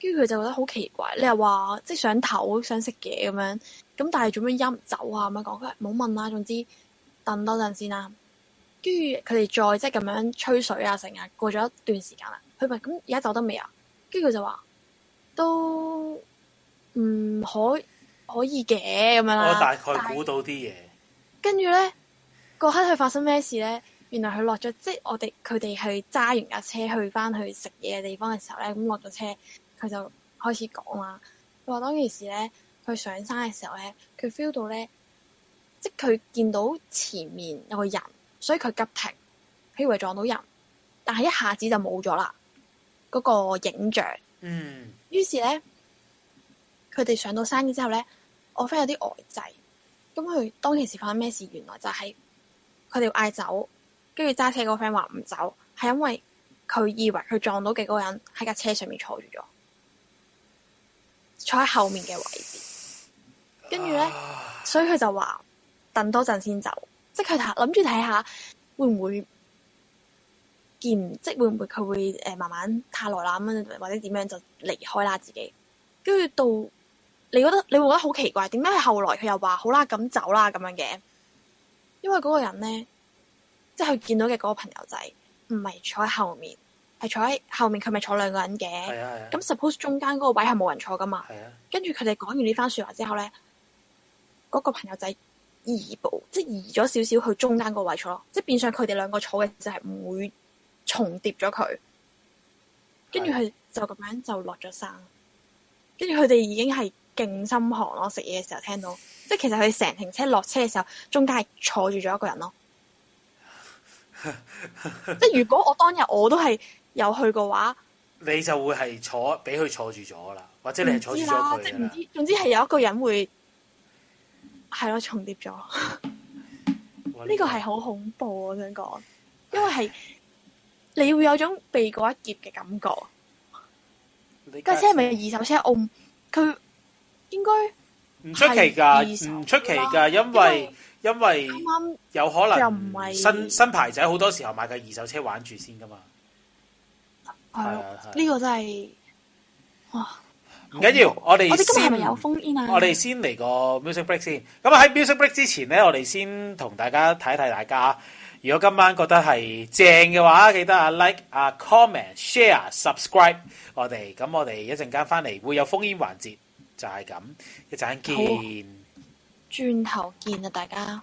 跟住佢就覺得好奇怪，你又話即係想唞想食嘢咁樣，咁但係做咩陰走啊咁樣講。佢冇問啦，總之等多陣先啦。跟住佢哋再即係咁樣吹水啊，成日過咗一段時間啦。佢問：咁而家走得未啊？跟住佢就話都唔可可以嘅咁樣啦。我大概估到啲嘢。跟住咧，嗰刻佢發生咩事咧？原來佢落咗，即係我哋佢哋去揸完架車去翻去食嘢嘅地方嘅時候咧，咁落咗車，佢就開始講啦。佢話當其時咧，佢上山嘅時候咧，佢 feel 到咧，即係佢見到前面有個人，所以佢急停，佢以為撞到人，但係一下子就冇咗啦，嗰個影像。嗯。於是咧，佢哋上到山之後咧，我 friend 有啲呆滯。咁佢當其時發生咩事？原來就係佢哋要嗌走。跟住揸車嗰個 friend 話唔走，係因為佢以為佢撞到嘅嗰個人喺架車上面坐住咗，坐喺後面嘅位置。跟住咧，所以佢就話等多陣先走，即係佢諗住睇下會唔會見，即係會唔會佢會誒、呃、慢慢太耐啦，咁樣或者點樣就離開啦自己。跟住到你覺得你會覺得好奇怪，點解後來佢又話好啦，咁走啦咁樣嘅？因為嗰個人咧。即係佢見到嘅嗰個朋友仔，唔係坐喺後面，係坐喺後面。佢咪坐兩個人嘅？咁、啊啊、suppose 中間嗰個位係冇人坐噶嘛？跟住佢哋講完呢番說話之後咧，嗰、嗰個朋友仔移步，即係移咗少少去中間個位坐咯。即係變相佢哋兩個坐嘅就係唔會重疊咗佢。跟住佢就咁樣就落咗山。跟住佢哋已經係勁心寒咯，食嘢嘅時候聽到，即係其實佢成停車落車嘅時候，中間係坐住咗一個人咯。 [LAUGHS] 即係如果我當日我都係有去嘅話，你就會係坐俾佢坐住咗啦，或者你係坐住咗佢唔知，即唔知，總之係有一個人會係咯重疊咗，呢個係好恐怖。 [LAUGHS] 我想講，因為係你會有種避過一劫嘅感覺。架車係咪二手車？我唔，佢應該唔出奇噶，唔出奇噶，因為。因為啱啱，有可能又唔係新新，新牌仔，好多時候買嘅二手車玩住先噶嘛，係啊，呢個真係哇！唔緊要，我哋我哋今日係咪有 phone in 啊？我哋先嚟個 music break 先，咁喺 music break 之前咧，我哋先同大家睇一睇大家。如果今晚覺得係正嘅話，記得啊 like 啊 comment share subscribe 我哋。咁我哋一陣間翻嚟會有 phone in 環節，就係咁，一陣間見，啊。轉頭見啊，大家！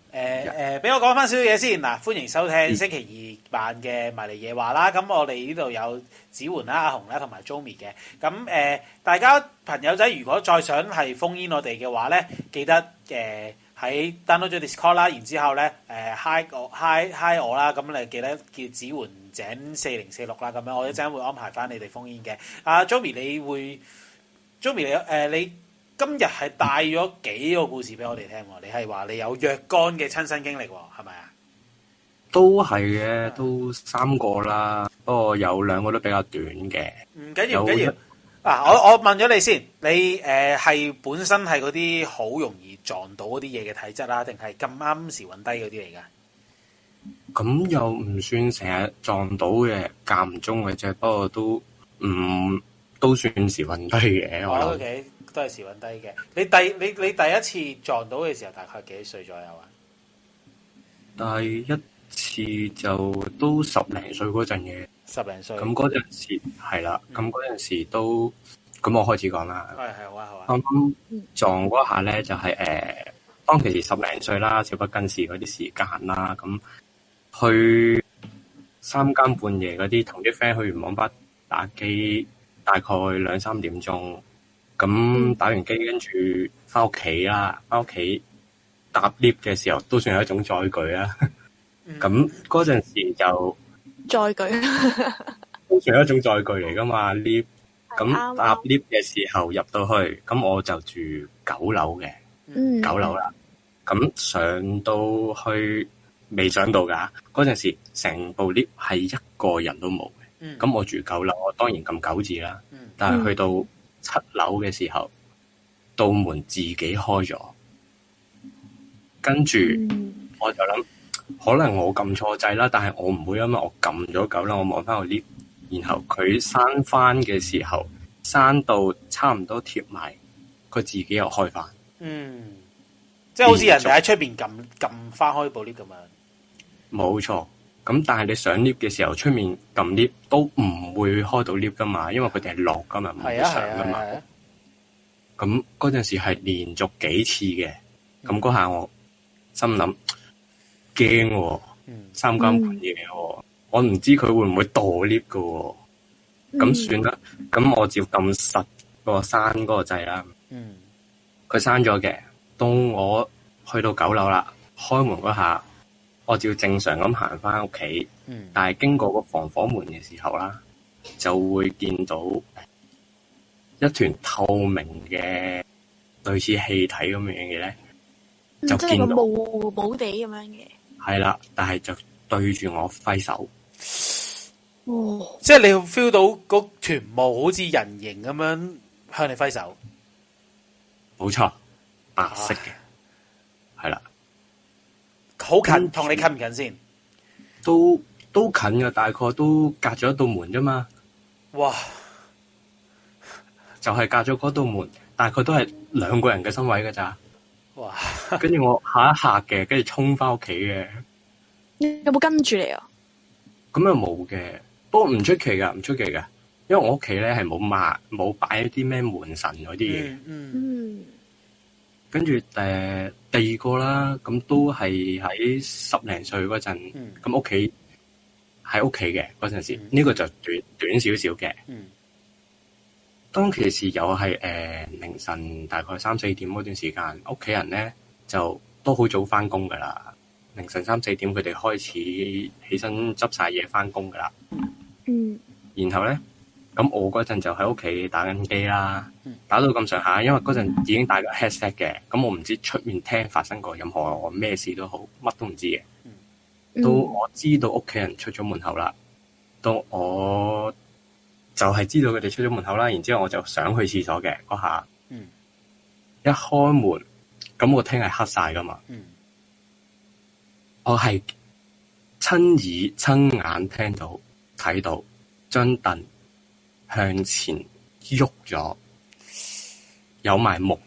誒誒，俾、呃呃、我講翻少少嘢先。嗱，歡迎收聽星期二晚嘅迷離夜話啦。咁、嗯、我哋呢度有子桓啦、阿、啊、紅啦、同埋 Joey 嘅。咁誒、呃，大家朋友仔如果再想係封煙我哋嘅話咧，記得誒喺、呃、download 咗 Discord 啦，然之後咧誒、呃、hi 我 hi, hi 我啦。咁你記得叫子桓井四零四六啦。咁樣我一陣會,會安排翻你哋封煙嘅。阿、啊、Joey，你會 Joey 你誒你。呃你今日係帶咗幾個故事俾我哋聽，你係話你有若干嘅親身經歷，係咪啊？都係嘅，都三個啦，不過有兩個都比較短嘅。唔緊要，唔緊要。嗱，我我問咗你先，你誒係本身係嗰啲好容易撞到嗰啲嘢嘅體質啦，定係咁啱時運低嗰啲嚟噶？咁又唔算成日撞到嘅，間唔中嘅啫。不過都唔都算時運低嘅，我諗。都係時運低嘅。你第你你第一次撞到嘅時候，大概幾歲左右啊？第一次就都十零歲嗰陣嘅十零歲。咁嗰陣時係啦，咁嗰陣時都咁，我開始講啦。係係好啊好啊。啱啱、啊、撞嗰下咧、就是，就係誒，當其時十零歲啦，少不更事嗰啲時間啦。咁去三更半夜嗰啲同啲 friend 去完網吧打機，大概兩三點鐘。咁、嗯、打完機，跟住翻屋企啦，翻屋企搭 lift 嘅時候，都算係一種載具啦。咁嗰陣時就載具，都再舉 [LAUGHS] 算一種載具嚟噶嘛 lift。咁搭 lift 嘅時候入、嗯、到去，咁我就住九樓嘅九樓啦。咁上到去未上到噶，嗰陣時成部 lift 係一個人都冇嘅。咁、嗯嗯、我住九樓，我當然撳九字啦。但係去到七樓嘅時候，道門自己開咗，跟住我就諗，可能我撳錯掣啦。但係我唔會，因為我撳咗九啦。我望翻個 lift，然後佢閂翻嘅時候，閂到差唔多貼埋，佢自己又開翻。嗯，即係好似人哋喺出邊撳撳翻開部 lift 咁樣，冇錯。咁但係你上 lift 嘅時候，出面撳 lift 都唔會開到 lift 噶嘛，因為佢哋係落噶嘛，唔係上噶嘛。咁嗰陣時係連續幾次嘅，咁嗰下我心諗驚、哦，三金嘢、啊，嗯、我唔知佢會唔會墮 lift 噶，咁算啦，咁我照撳實個閂嗰個掣啦。佢閂咗嘅，到我去到九樓啦，開門嗰下。我照正，正常咁行翻屋企，但係經過個防火門嘅時候啦，就會見到一團透明嘅類似氣體咁樣嘅咧，就見到霧霧地咁樣嘅。係啦、嗯，但係就對住我揮手，即係你會 feel 到嗰團霧好似人形咁樣向你揮手。冇錯，白色嘅，係啦。哇好近，同你近唔近先？都都近噶，大概都隔咗一道門啫嘛。哇！就係隔咗嗰道門，大概都係兩個人嘅身位噶咋。哇！ [LAUGHS] 嚇嚇有有跟住我下一刻嘅，跟住沖翻屋企嘅。有冇跟住嚟啊？咁又冇嘅，不過唔出奇噶，唔出奇噶，因為我屋企咧係冇抹，冇擺一啲咩門神嗰啲嘢。嗯。跟住誒、呃、第二個啦，咁、嗯、都係喺十零歲嗰陣，咁屋企喺屋企嘅嗰陣時，呢、呢個就短短少少嘅。當其時又係誒、呃、凌晨大概三四點嗰段時間，屋企人咧就都好早返工㗎喇。凌晨三四點，佢哋開始起身執晒嘢返工㗎喇。嗯，然後咧。咁我嗰陣就喺屋企打緊機啦，嗯、打到咁上下，因為嗰陣已經戴個 headset 嘅。咁我唔知出面廳發生過任何我咩事都好，乜都唔知嘅。嗯、到我知道屋企人出咗門口啦，到我就係知道佢哋出咗門口啦。然之後我就想去廁所嘅嗰下，嗯、一開門咁，我廳係黑晒噶嘛。嗯、我係親耳、親眼聽到、睇到張凳。將向前喐咗，有埋木，誒、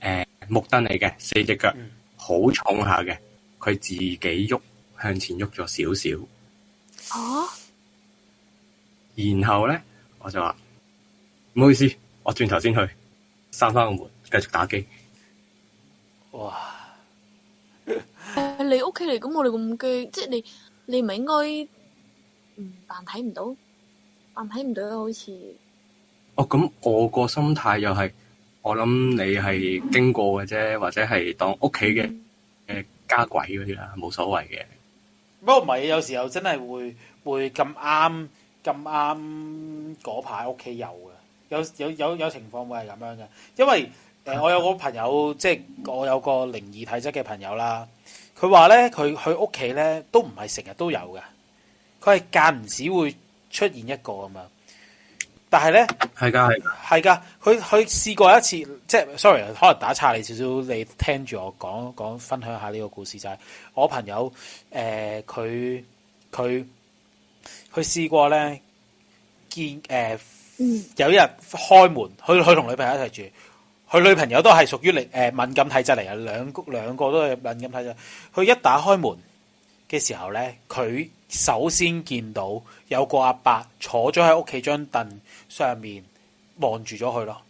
呃、木凳嚟嘅，四隻腳好重下嘅，佢自己喐向前喐咗少少，哦、啊，然後咧我就話唔好意思，我轉頭先去閂翻個門，繼續打機。哇！ [LAUGHS] 你屋企嚟噉，我哋咁驚，即係你你唔係應該唔扮睇唔到。我睇唔到咯，好似哦咁，我個心態又係，我諗你係經過嘅啫，或者係當屋企嘅誒家鬼嗰啲啦，冇所謂嘅。不過唔係，有時候真係會會咁啱咁啱嗰排屋企有嘅，有有有有情況會係咁樣嘅。因為誒，我有個朋友，即係我有個靈異體質嘅朋友啦，佢話咧，佢佢屋企咧都唔係成日都有嘅，佢係間唔時會。出現一個噉樣，但係咧係噶係，係噶，佢佢試過一次，即係 sorry，可能打岔你少少，你聽住我講講，分享下呢個故事就係我朋友誒，佢佢佢試過咧見誒有一日開門，佢佢同女朋友一齊住，佢女朋友都係屬於你誒敏感體質嚟嘅，兩兩個都係敏感體質，佢一打開門嘅時候咧，佢。首先見到有個阿伯，伯坐咗喺屋企張凳上面望住咗佢咯，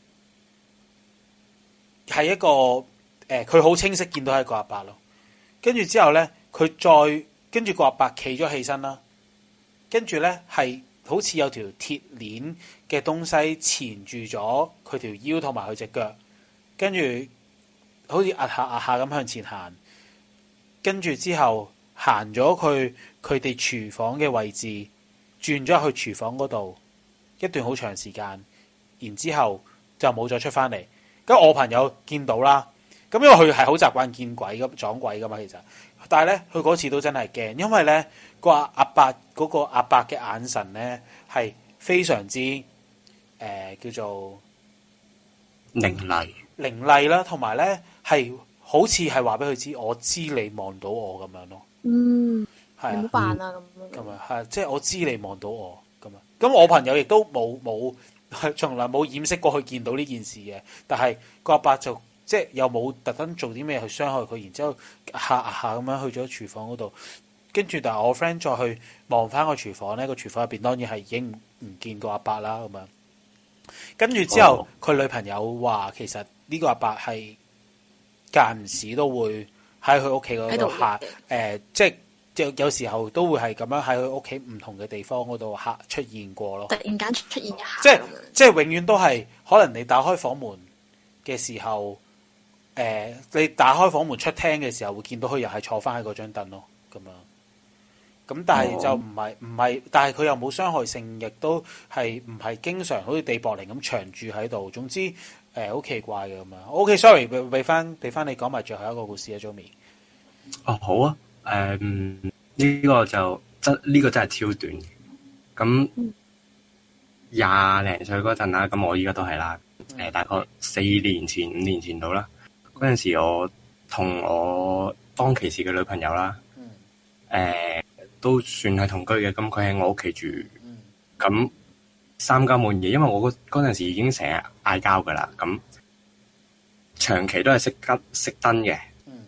係一個誒，佢、呃、好清晰見到係個阿伯咯。跟住之後咧，佢再跟住個阿伯企咗起身啦，跟住咧係好似有條鐵鏈嘅東西纏住咗佢條腰同埋佢隻腳，跟住好似壓下壓下咁向前行，跟住之後行咗佢。佢哋廚房嘅位置轉咗去廚房嗰度一段好長時間，然之後就冇再出翻嚟。咁我朋友見到啦，咁因為佢係好習慣見鬼咁撞鬼㗎嘛，其實，但係咧佢嗰次都真係驚，因為咧、嗰個阿伯嗰、嗰個阿伯嘅眼神咧係非常之誒、呃、叫做凌厲凌厲啦，同埋咧係好似係話俾佢知我知你望到我咁樣咯，嗯。係啊，唔好扮啦咁樣。咁啊，係即係我知你望到我咁啊。咁我朋友亦都冇冇，係從嚟冇掩飾過去見到呢件事嘅。但係個阿伯就即係、就是、又冇特登做啲咩去傷害佢，然之後嚇嚇咁樣去咗廚房嗰度。跟住但係我 friend 再去望翻個廚房咧，呢那個廚房入邊當然係已經唔見過個阿伯啦咁樣。跟住之後，佢、哦、女朋友話其實呢個阿伯係間唔時都會喺佢屋企嗰度嚇誒，即係。即有時候都會係咁樣喺佢屋企唔同嘅地方嗰度客出現過咯，突然間出現一下，即係即係永遠都係可能你打開房門嘅時候，誒、呃，你打開房門出廳嘅時候會見到佢又係坐翻喺嗰張凳咯，咁樣。咁但係就唔係唔係，但係佢又冇傷害性，亦都係唔係經常好似地縛靈咁長住喺度。總之誒，好、呃、奇怪嘅咁樣。OK，sorry，okay，俾翻俾翻你講埋最後一個故事啊，Jomie。哦，好啊。誒，呢、um, 個就真呢、這個真係超短。咁廿零歲嗰陣啦，咁我依家都係啦。誒、嗯呃，大概四年前、五年前度啦。嗰陣時我同我當其時嘅女朋友啦，誒、嗯呃，都算係同居嘅。咁佢喺我屋企住，咁、嗯、三更半夜，因為我嗰嗰陣時已經成日嗌交噶啦，咁長期都係熄吉熄燈嘅，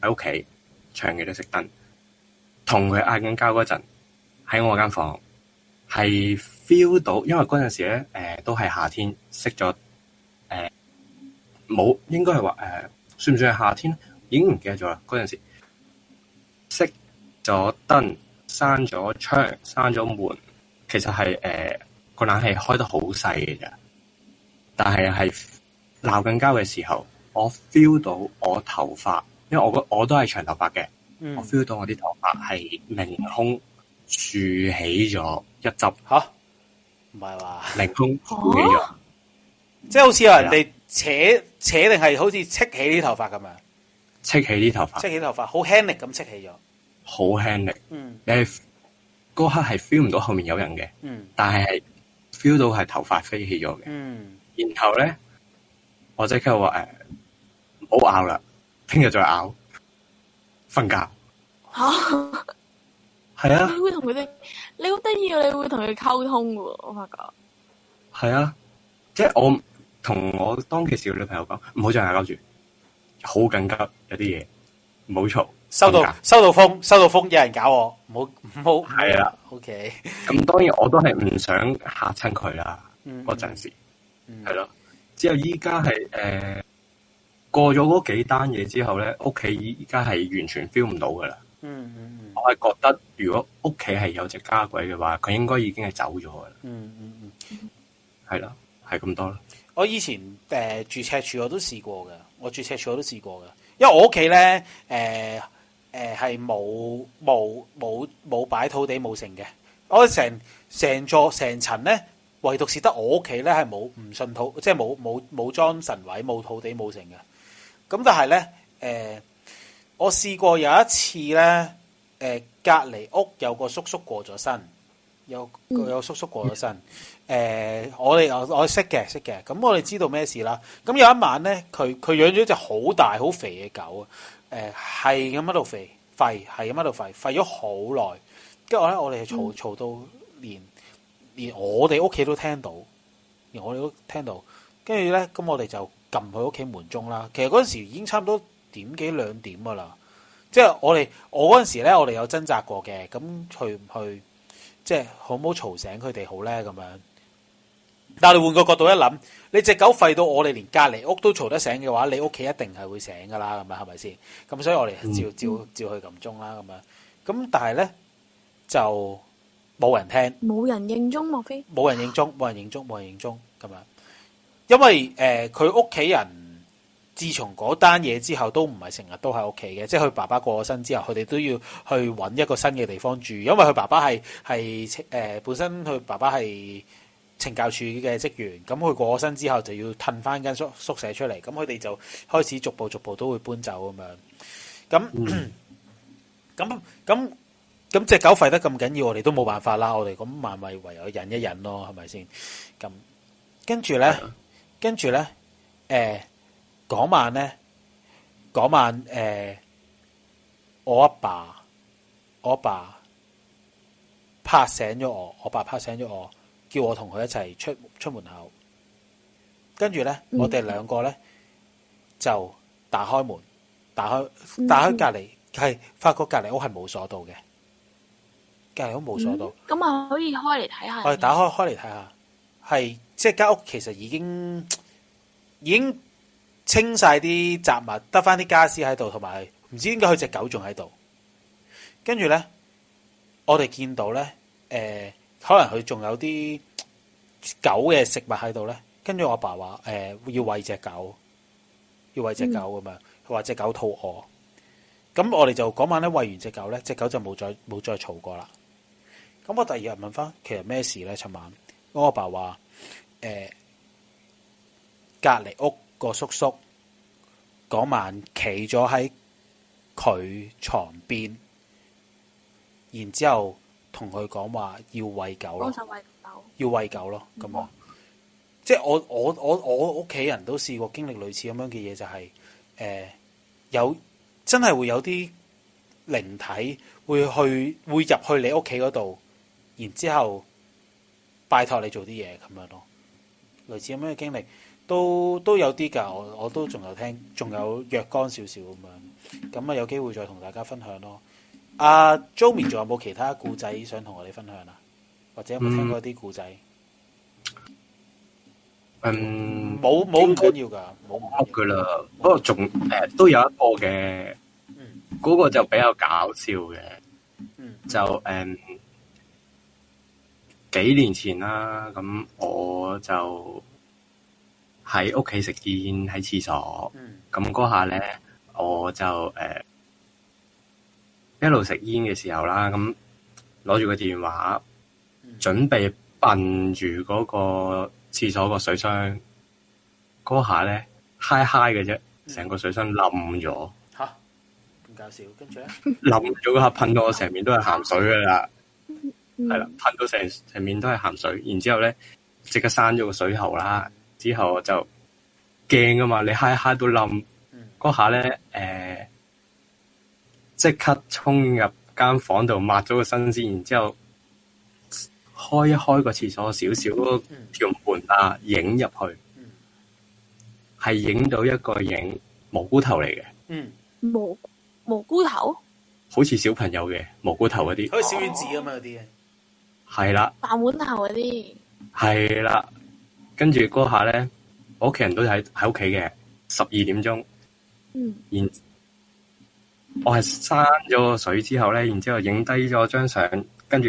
喺屋企，長期都熄燈。同佢嗌緊交嗰陣，喺我間房係 feel 到，因為嗰陣時咧，誒、呃、都係夏天熄咗，誒冇、呃、應該係話，誒、呃、算唔算係夏天？已經唔記得咗啦。嗰陣時熄咗燈，閂咗窗，閂咗門，其實係誒個冷氣開得好細嘅，咋？但係係鬧緊交嘅時候，我 feel 到我頭髮，因為我我我都係長頭髮嘅。我 feel 到我啲頭髮係凌空豎起咗一執吓，唔係話凌空豎起咗，即係好似有人哋扯扯定係好似戚起啲頭髮咁樣，戚起啲頭髮，戚起頭髮好輕力咁戚起咗，好輕力。嗯，你係嗰刻係 feel 唔到後面有人嘅，但係 feel 到係頭髮飛起咗嘅，然後咧，我即刻話誒，唔好拗啦，聽日再拗。瞓覺吓，係 [LAUGHS] 啊你你！你會同佢哋，你好得意啊！你會同佢溝通嘅喎。我發覺係啊，即係我同我當其時嘅女朋友講唔好再嗌交住，好緊急有啲嘢，唔好嘈，收到收到風收到風，有人搞我，唔好唔好係啦，OK。咁當然我都係唔想吓親佢啦，嗰陣，mm hmm. 時係咯、啊，之後依家係誒。呃過咗嗰幾單嘢之後咧，屋企而家係完全 feel 唔到噶啦。嗯嗯嗯，我係覺得如果屋企係有隻家鬼嘅話，佢應該已經係走咗噶啦。嗯嗯嗯，係啦，係咁多啦。我以前誒住赤柱我都試過嘅，我住赤柱我都試過嘅，因為我屋企咧誒誒係冇冇冇冇擺土地冇剩嘅，我成成座成層咧，唯獨是得我屋企咧係冇唔信土，即係冇冇冇裝神位冇土地冇剩嘅。咁但係咧，誒、呃，我試過有一次咧，誒、呃，隔離屋有個叔叔過咗身，有，有個有叔叔過咗身，誒、呃，我哋我識識我識嘅識嘅，咁我哋知道咩事啦。咁有一晚咧，佢佢養咗隻好大好肥嘅狗啊，誒、呃，係咁喺度吠，吠，係咁喺度吠，吠咗好耐，跟住咧我哋嘈嘈到連連我哋屋企都聽到，連我哋都聽到，跟住咧咁我哋就。撳佢屋企門鐘啦，其實嗰陣時已經差唔多點幾兩點噶啦，即係我哋我嗰陣時咧，我哋有掙扎過嘅，咁去唔去，即係好唔好嘈醒佢哋好咧？咁樣，但係你換個角度一諗，你隻狗吠到我哋連隔籬屋都嘈得醒嘅話，你屋企一定係會醒噶啦，咁樣係咪先？咁所以我哋照照照去撳鐘啦，咁樣，咁但係咧就冇人聽，冇人應鐘，莫非冇人應鐘，冇人應鐘，冇人應鐘咁樣。因為誒，佢屋企人自從嗰單嘢之後，都唔係成日都喺屋企嘅。即係佢爸爸過咗身之後，佢哋都要去揾一個新嘅地方住。因為佢爸爸係、係誒，本身佢爸爸係懲教署嘅職員，咁佢過咗身之後，就要褪翻，間宿宿舍出嚟。咁佢哋就開始逐步逐步都會搬走咁樣。咁咁咁咁隻狗吠得咁緊要，我哋都冇辦法啦，我哋咁咪咪唯有忍一忍咯，係咪先？咁跟住呢。跟住咧，誒、呃、嗰晚咧，嗰晚誒、呃、我阿爸，爸，我阿爸拍醒咗我，我阿爸拍醒咗我，叫我同佢一齊出出門口。跟住咧，我哋兩個咧、嗯、就打開門，打開打開隔離，係、嗯、發覺隔離屋係冇鎖到嘅，隔離屋冇鎖到。咁啊、嗯，可以開嚟睇下。我哋打開開嚟睇下。係即係間屋其實已經已經清晒啲雜物，得翻啲家私喺度，同埋唔知點解佢隻狗仲喺度。跟住咧，我哋見到咧，誒、呃，可能佢仲有啲狗嘅食物喺度咧。跟住我阿爸話，誒、呃，要餵隻狗，要餵隻狗咁樣，佢話、嗯、隻狗肚餓。咁我哋就嗰晚咧餵完隻狗咧，隻狗就冇再冇再嘈過啦。咁我第二日問翻，其實咩事咧？尋晚？我阿爸話，誒、欸，隔籬屋個叔叔嗰晚企咗喺佢床邊，然之後同佢講話要餵狗咯，餵狗要餵狗咯，咁啊！即係我我我我屋企人都試過經歷類似咁樣嘅嘢，就係、是、誒、欸、有真係會有啲靈體會去會入去你屋企嗰度，然之後。拜託你做啲嘢咁樣咯，類似咁樣嘅經歷都都有啲噶，我我都仲有聽，仲有若干少少咁樣，咁啊有機會再同大家分享咯。阿 Joey 仲有冇其他故仔想同我哋分享啊？或者有冇聽過一啲故仔？嗯，冇冇緊要噶，冇乜噶啦。不過仲誒，都有一個嘅，嗰個就比較搞笑嘅，就誒。幾年前啦，咁我就喺屋企食煙喺廁所，咁嗰、嗯、下咧，我就誒、呃、一路食煙嘅時候啦，咁攞住個電話，準備噴住嗰個廁所水嗨嗨個水箱，嗰、嗯嗯、下咧嗨嗨嘅啫，成個水箱冧咗，吓咁搞笑，跟住咧冧咗嗰下噴到我成面都係鹹水噶啦。係啦，嗯、噴到成成面都係鹹水，然之後咧即刻閂咗個水喉啦。之後就驚啊嘛，你揩一揩到冧。嗰、嗯、下咧誒，即刻衝入間房度抹咗個身先，然之後開一開個廁所少少個條門啊，影入去，係影、嗯、到一個影蘑菇頭嚟嘅。嗯，蘑蘑菇頭，好似小朋友嘅蘑菇頭嗰啲，好似小丸子啊嘛嗰啲。係啦，大碗頭嗰啲係啦，跟住嗰下咧，我屋企人都喺喺屋企嘅十二點鐘，嗯，然我係閂咗個水之後咧，然之後影低咗張相，跟住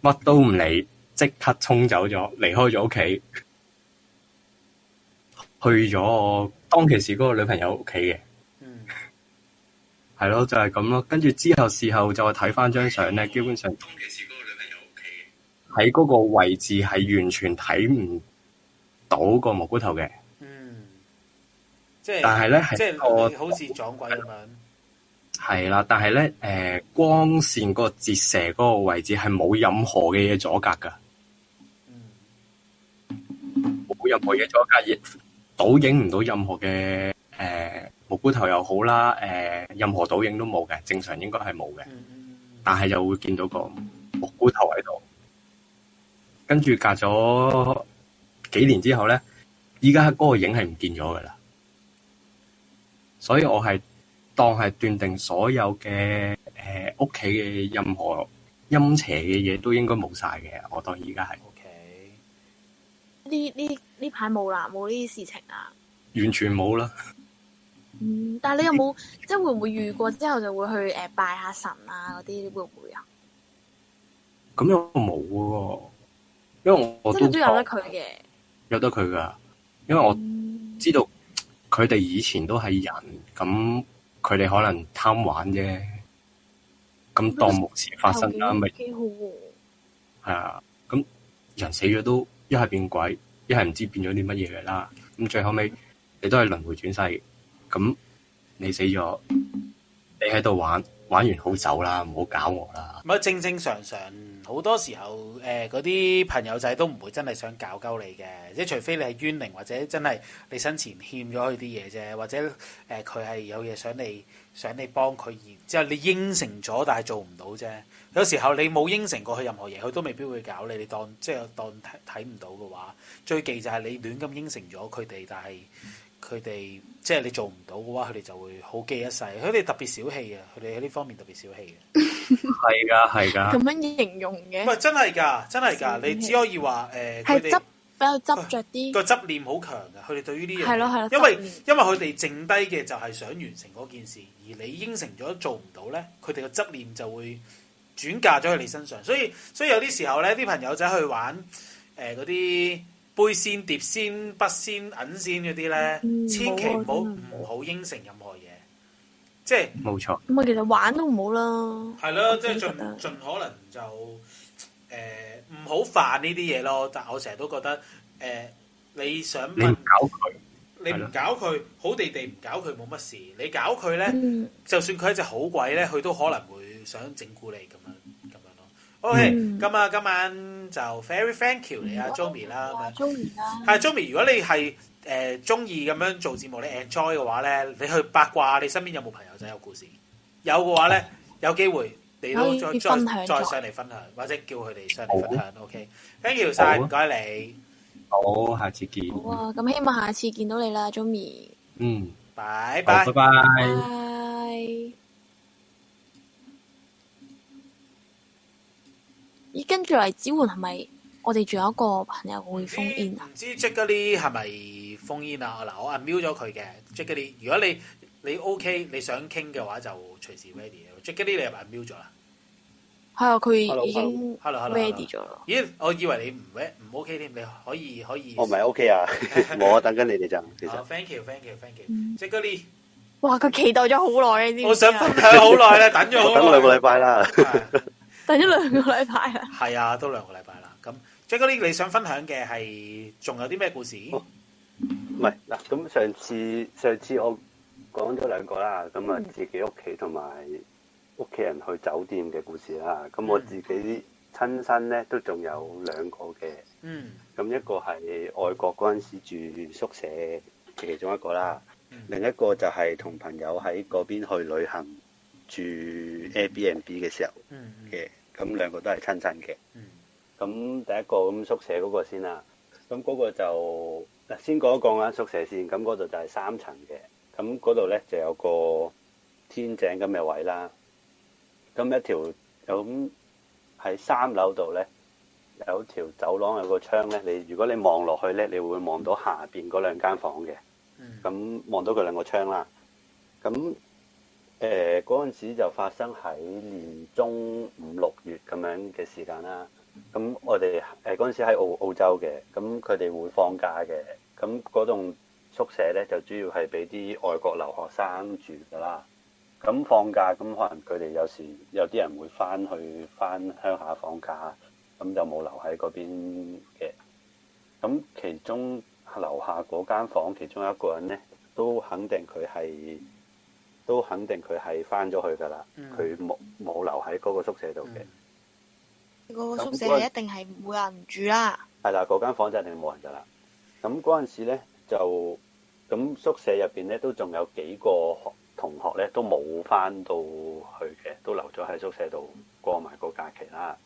乜都唔理，即刻衝走咗，離開咗屋企，去咗我當其時嗰個女朋友屋企嘅，嗯，係、 [LAUGHS] 就係、咯，就係咁咯，跟住之後事後再睇翻張相咧，嗯、基本上。喺嗰個位置係完全睇唔到個蘑菇頭嘅，嗯，即係但係咧，係個是我好似撞鬼咁樣，係啦。但係咧，誒、呃，光線個折射嗰個位置係冇任何嘅嘢阻隔噶，嗯，冇任何嘢阻隔，亦倒影唔到任何嘅誒蘑菇頭又好啦，誒、呃，任何倒影都冇嘅，正常應該係冇嘅，嗯嗯嗯、但係就會見到個蘑菇頭喺度。跟住隔咗幾年之後咧，依家嗰個影係唔見咗噶啦，所以我係當係斷定所有嘅誒屋企嘅任何陰邪嘅嘢都應該冇晒嘅。我當而家係。O K 呢？呢呢排冇啦，冇呢啲事情啦，啊。完全冇啦。嗯，但係你有冇 [LAUGHS] 即係會唔會遇過之後就會去誒、呃、拜下神啊嗰啲會唔會有樣有啊？咁又冇嘅。因為我都有得佢嘅，有得佢噶因為我知道佢哋以前都係人，咁佢哋可能貪玩啫，咁、嗯、當目前發生啦，咪係啊，咁人死咗都一係變鬼，一係唔知變咗啲乜嘢嚟啦，咁最後尾，你都係輪迴轉世，咁你死咗，你喺度玩，玩完好走啦，唔好搞我啦。唔正正常常，好多時候誒嗰啲朋友仔都唔會真係想搞鳩你嘅，即係除非你係冤靈或者真係你身前欠咗佢啲嘢啫，或者誒佢係有嘢想你想你幫佢而之後你應承咗，但係做唔到啫。有時候你冇應承過佢任何嘢，佢都未必會搞你。你當即係當睇睇唔到嘅話，最忌就係你亂咁應承咗佢哋，但係。嗯佢哋即係你做唔到嘅話，佢哋就會好記一世。佢哋特別小氣啊！佢哋喺呢方面特別小氣嘅，係噶，係噶。咁樣形容嘅，唔係真係噶，真係噶。真的的你只可以話誒，佢哋比較執着啲。個執念好強嘅，佢哋對於呢樣係咯，係咯。因為因為佢哋剩低嘅就係想完成嗰件事，而你應承咗做唔到咧，佢哋嘅執念就會轉嫁咗去你身上。所以，所以，所以，所以有啲時候咧，啲朋友仔去玩誒嗰啲。呃杯仙、碟仙、筆仙、銀仙嗰啲咧，千祈唔好唔好應承任何嘢，即係冇錯。咁啊，其實玩都唔好啦。係咯，即係盡盡可能就誒唔好犯呢啲嘢咯。但係我成日都覺得誒，你想你唔搞佢，你唔搞佢好地地唔搞佢冇乜事。你搞佢咧，就算佢係一隻好鬼咧，佢都可能會想整蠱你咁。O.K. 咁啊，今晚就 Very Thank you 你啊，Joey 啦。Joey 啦。係 Joey，如果你係誒中意咁樣做節目，你 enjoy 嘅話咧，你去八卦，你身邊有冇朋友仔有故事？有嘅話咧，有機會你都再再再上嚟分享，或者叫佢哋上嚟分享。O.K. Thank you 曬，唔該你。好，下次見。好啊，咁希望下次見到你啦，Joey。嗯，拜拜拜拜。跟住嚟指援係咪？我哋仲有一個朋友會 phone in 啊？唔知 Jack 哥你係咪 phone in 啊？嗱，我 unmute 咗佢嘅 Jack 哥你。Ley, 如果你你 OK，你想傾嘅話就隨時 ready 是是。Jack 哥你係咪 unmute 咗啦？係 [NOISE] 啊，佢已經 hello hello ready 咗。咦，我以為你唔唔 OK 添，你可以可以。我唔係 OK 啊，我等緊你哋就。其實 Thank you，Thank you，Thank you。Jack 哥你，哇，佢期待咗好耐，你知唔知啊？我想分享好耐啦，等咗等咗兩個禮拜啦。等咗兩個禮拜啦，係 [LAUGHS] 啊，都兩個禮拜啦。咁 Jackie，你想分享嘅係仲有啲咩故事？唔係嗱，咁上次上次我講咗兩個啦，咁啊自己屋企同埋屋企人去酒店嘅故事啦。咁我自己親身咧都仲有兩個嘅，嗯，咁一個係外國嗰陣時住宿舍其中一個啦，另一個就係同朋友喺嗰邊去旅行。住 Airbnb 嘅時候嘅，咁、mm hmm. 兩個都係親身嘅。咁、mm hmm. 第一個咁宿舍嗰個先啦，咁嗰個就先講一講啦，宿舍先。咁嗰度就係三層嘅，咁嗰度咧就有個天井咁嘅位啦。咁一條咁喺三樓度咧，有條走廊有個窗咧。你如果你望落去咧，你會望到下邊嗰兩間房嘅。咁望、mm hmm. 到佢兩個窗啦。咁誒嗰陣時就發生喺年中五六月咁樣嘅時間啦。咁我哋誒嗰陣時喺澳澳洲嘅，咁佢哋會放假嘅。咁嗰棟宿舍咧就主要係俾啲外國留學生住噶啦。咁放假咁可能佢哋有時有啲人會返去返鄉下放假，咁就冇留喺嗰邊嘅。咁其中樓下嗰間房，其中一個人咧都肯定佢係，都肯定佢係翻咗去噶啦，佢冇冇留喺嗰個宿舍度嘅。嗰、嗯、個宿舍係一定係、唔會、有人住啦。係、那、啦、個，嗰間房就一定冇人噶啦。咁嗰陣時咧就，咁宿舍入邊咧都仲有幾個學同學咧都冇翻到去嘅，都留咗喺宿舍度過埋個假期啦。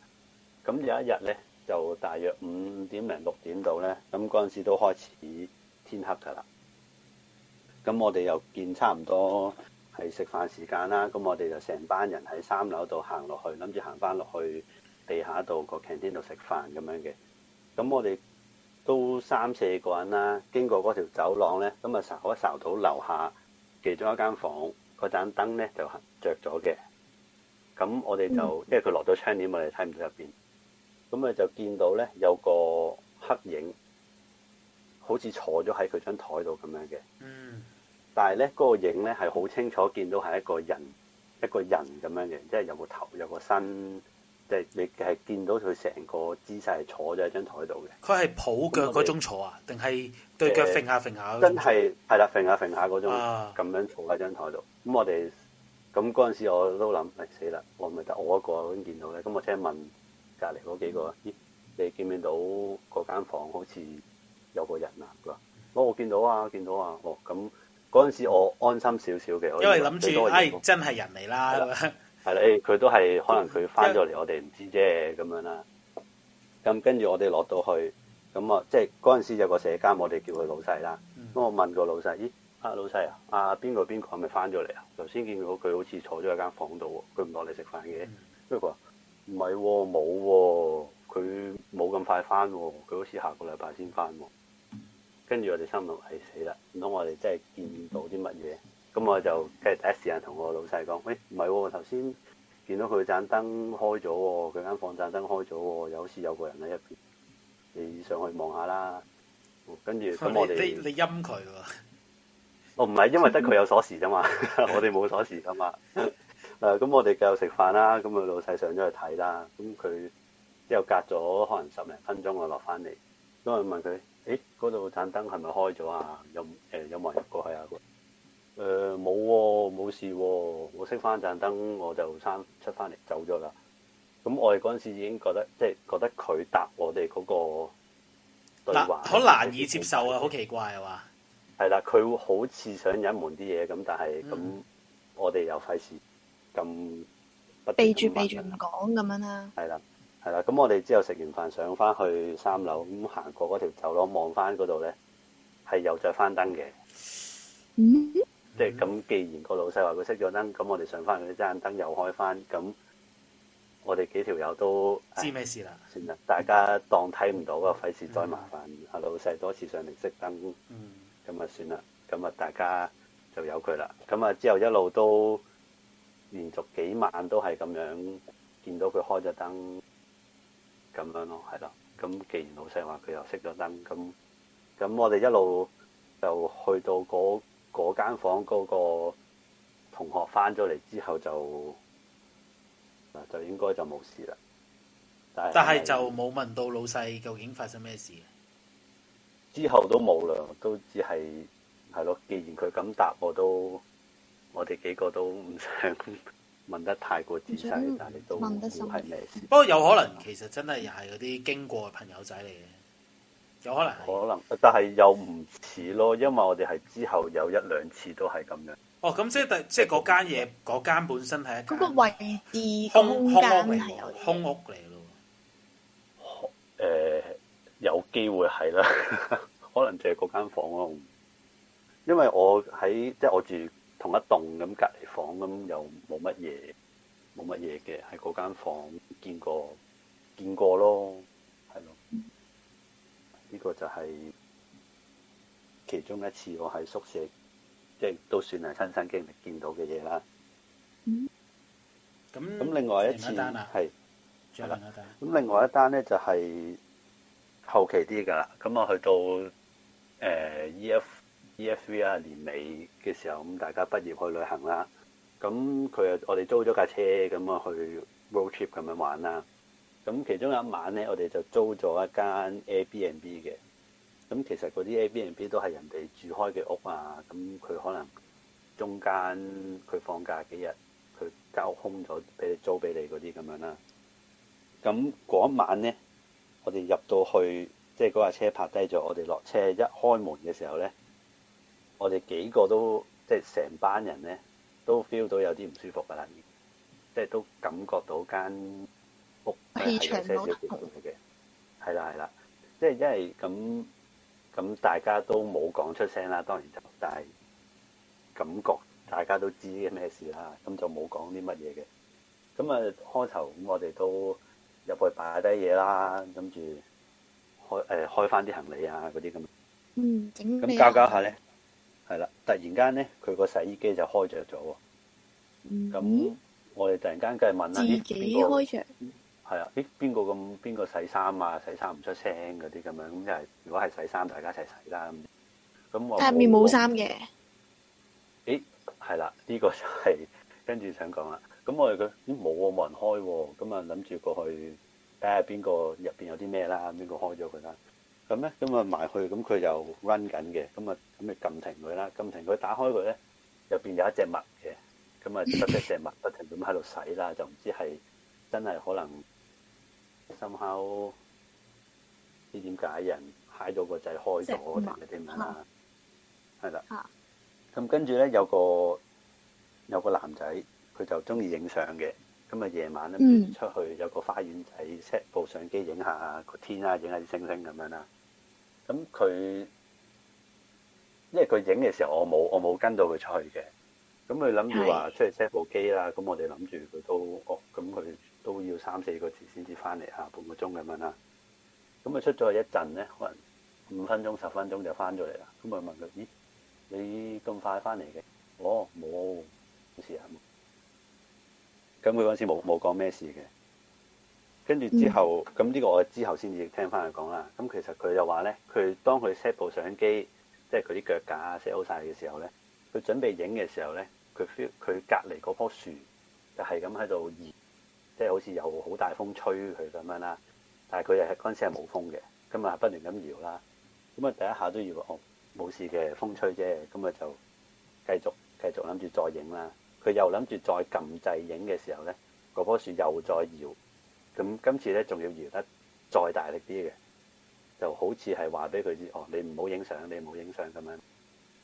咁有一日咧就大約五點零六點度咧，咁嗰陣時都開始天黑噶啦。咁我哋又見差唔多，係食飯時間啦，咁我哋就成班人喺三樓度行落去，諗住行翻落去地下度個 canteen 度食飯咁樣嘅。咁我哋都三四個人啦，經過嗰條走廊咧，咁啊睄一睄到樓下其中一間房個盞燈咧就着咗嘅。咁我哋就因為佢落咗窗簾，我哋睇唔到入邊。咁啊就見到咧有個黑影，好似坐咗喺佢張台度咁樣嘅。嗯。但係咧，嗰個影咧係好清楚，見到係一個人，一個人咁樣嘅，即係有個頭，有個身，即係你係見到佢成個姿勢係坐喺張台度嘅。佢係抱腳嗰種坐啊，定係對腳揈下揈下？真係係啦，揈下揈下嗰種咁樣坐喺張台度。咁我哋咁嗰陣時，哎、ur, 我都諗，誒死啦，我咪得我一個咁見到咧。咁我聽問隔離嗰幾個，咦？你見唔見到嗰間房好似有個人啊？佢話：哦，我見到啊，見到啊，哦咁。嗰陣時我安心少少嘅，因為諗住、哎，真係人嚟啦，係啦的，係啦、 [LAUGHS] 哎、佢都係可能佢翻咗嚟，為我哋唔知啫，咁樣啦。咁跟住我哋落到去，咁啊，即係嗰陣時有個舍監，我哋叫佢老細啦。咁、嗯、我問個老細，咦，阿老細啊，阿邊個邊個係咪翻咗嚟啊？頭先見到佢好似坐咗喺間房度喎，佢唔落嚟食飯嘅。跟住佢話：唔係，冇喎、哦，佢冇咁快翻喎，佢好似下個禮拜先翻喎。跟住我哋心諗，係死啦，唔通我哋真係見到啲乜嘢？咁我就即係第一時間同我老細講：喂、哎，唔係、啊，我頭先見到佢盞燈開咗喎，佢間房盞燈開咗喎，又好似有個人喺入邊。你上去望下啦。跟住咁我哋你，你陰佢喎。哦，唔係，因為得佢有鎖匙啫嘛， [LAUGHS] 我哋冇鎖匙噶嘛。嗱，咁我哋繼續食飯啦。咁啊，老細上咗去睇啦。咁佢之後又隔咗可能十零分鐘，我落翻嚟，咁我問佢。誒，嗰度盞燈係咪開咗啊？有誒、呃，有冇人入過去啊？個誒，冇喎，冇事喎，我熄翻盞燈，我就翻出翻嚟走咗啦。咁我哋嗰陣時已經覺得，即係覺得佢答我哋嗰個對話好、啊、難以接受啊，好的奇怪啊，嘛？係啦，佢好似想隱瞞啲嘢，咁但係咁我哋又費事咁避住避住唔講咁樣啦、啊。係啦。係啦，咁我哋之後食完飯上翻去三樓，咁行過嗰條走廊望翻嗰度咧，係又着翻燈嘅，mm hmm. 即係咁。既然個老細話佢熄咗燈，咁我哋上翻去盞燈又開翻，咁我哋幾條友都知咩事啦，算啦，大家當睇唔到啊，費事，mm hmm. 再麻煩阿，mm hmm. 老細多次上嚟熄燈，咁啊，mm hmm. 算啦，咁啊大家就由佢啦。咁啊之後一路都連續幾晚都係咁樣見到佢開咗燈。咁樣咯，係啦。咁既然老細話佢又熄咗燈，咁咁我哋一路就去到嗰嗰間房嗰個同學翻咗嚟之後就嗱就應該就冇事啦。但係但係就冇問到老細究竟發生咩事。之後都冇啦，都只係係咯。既然佢咁答，我都我哋幾個都唔想。問得太過仔細，想但你都唔係咩事？不過有可能其實真係又係嗰啲經過嘅朋友仔嚟嘅，有可能可能，但係又唔似咯，因為我哋係之後有一兩次都係咁樣。哦，咁即係第即係嗰間嘢，嗰間本身係一間位空間係空屋嚟咯。誒、呃，有機會係啦， [LAUGHS] 可能就係嗰間房咯，因為我喺即係我住。同一棟咁隔離房咁又冇乜嘢，冇乜嘢嘅，喺嗰間房見過見過咯，係咯，呢個就係其中一次我喺宿舍，即係都算係親身經歷見到嘅嘢啦。咁咁，嗯，另外一次係啦，咁的另外一單咧就係、是、後期啲噶啦，咁我去到誒 E F。呃 e s v 啊，年尾嘅時候，咁大家畢業去旅行啦。咁佢啊，我哋租咗架車咁啊，去 road trip 咁樣玩啦。咁、嗯、其中有一晚咧，我哋就租咗一間 Airbnb 嘅。咁、嗯、其實嗰啲 Airbnb 都係人哋住開嘅屋啊。咁、嗯、佢可能中間佢放假幾日，佢間屋空咗，俾你租俾你嗰啲咁樣啦。咁、嗯、嗰晚咧，我哋入到去，即係嗰架車泊低咗。我哋落車一開門嘅時候咧。我哋幾個都即係成班人咧，都 feel 到有啲唔舒服噶啦，即係都感覺到間屋係有少少奇怪嘅。係啦，係啦，即係因為咁咁，大家都冇講出聲啦。當然就但係感覺大家都知咩事啦，咁就冇講啲乜嘢嘅。咁啊、呃，開頭咁我哋都入去擺低嘢啦，跟住開誒開翻啲行李啊嗰啲咁樣。嗯，整咁交交下咧。係啦，突然間咧，佢個洗衣機就開着咗，咁、嗯、我哋突然間梗係問啦，自己開着，係啊、欸，咦，邊個咁？邊個洗衫啊？洗衫唔出聲嗰啲咁樣，咁又係，如果係洗衫，大家一齊洗啦。咁我入面冇衫嘅，誒、欸，係啦，呢、這個就係、是、跟住想講啦。咁我哋佢冇喎，冇、嗯啊、人開、啊，咁啊諗住過去睇下邊個入邊有啲咩啦，邊個開咗佢啦。咁咧，咁啊埋去，咁佢又 run 緊嘅，咁啊，咁咪撳停佢啦，撳停佢，打開佢咧，入邊有一隻襪嘅，咁啊，得一隻襪，不停咁喺度洗啦，就唔知係真係可能 somehow 知點解人揩到個掣開咗，定係點啊？係啦，咁跟住咧有個有個男仔，佢就中意影相嘅，咁啊夜晚咧出去有個花園仔 set 部相機影下個天啊，影下啲星星咁樣啦。咁佢、嗯，因為佢影嘅時候，我冇我冇跟到佢出去嘅。咁佢諗住話出去 set 部機啦。咁、嗯、我哋諗住佢都，哦，咁、嗯、佢都要三四個字先至翻嚟嚇，下半個鐘咁樣啦。咁、嗯、佢出咗去一陣咧，可能五分鐘、十分鐘就翻咗嚟啦。咁、嗯、我問佢：咦，你咁快翻嚟嘅？哦，冇，冇事啊。咁佢嗰陣時冇冇講咩事嘅。跟住之後，咁呢、嗯、個我之後先至聽翻佢講啦。咁其實佢就話呢，佢當佢 set 部相機，即係佢啲腳架 set 好晒嘅時候呢，佢準備影嘅時候呢，佢 feel 佢隔離嗰棵樹就係咁喺度搖，即係好似有好大風吹佢咁樣啦。但係佢又係嗰陣時係冇風嘅，咁啊不斷咁搖啦。咁啊第一下都要哦冇事嘅風吹啫，咁啊就繼續繼續諗住再影啦。佢又諗住再撳掣影嘅時候呢，嗰棵樹又再搖。咁今次咧仲要搖得再大力啲嘅，就好似係話俾佢知，哦，你唔好影相，你唔好影相咁樣。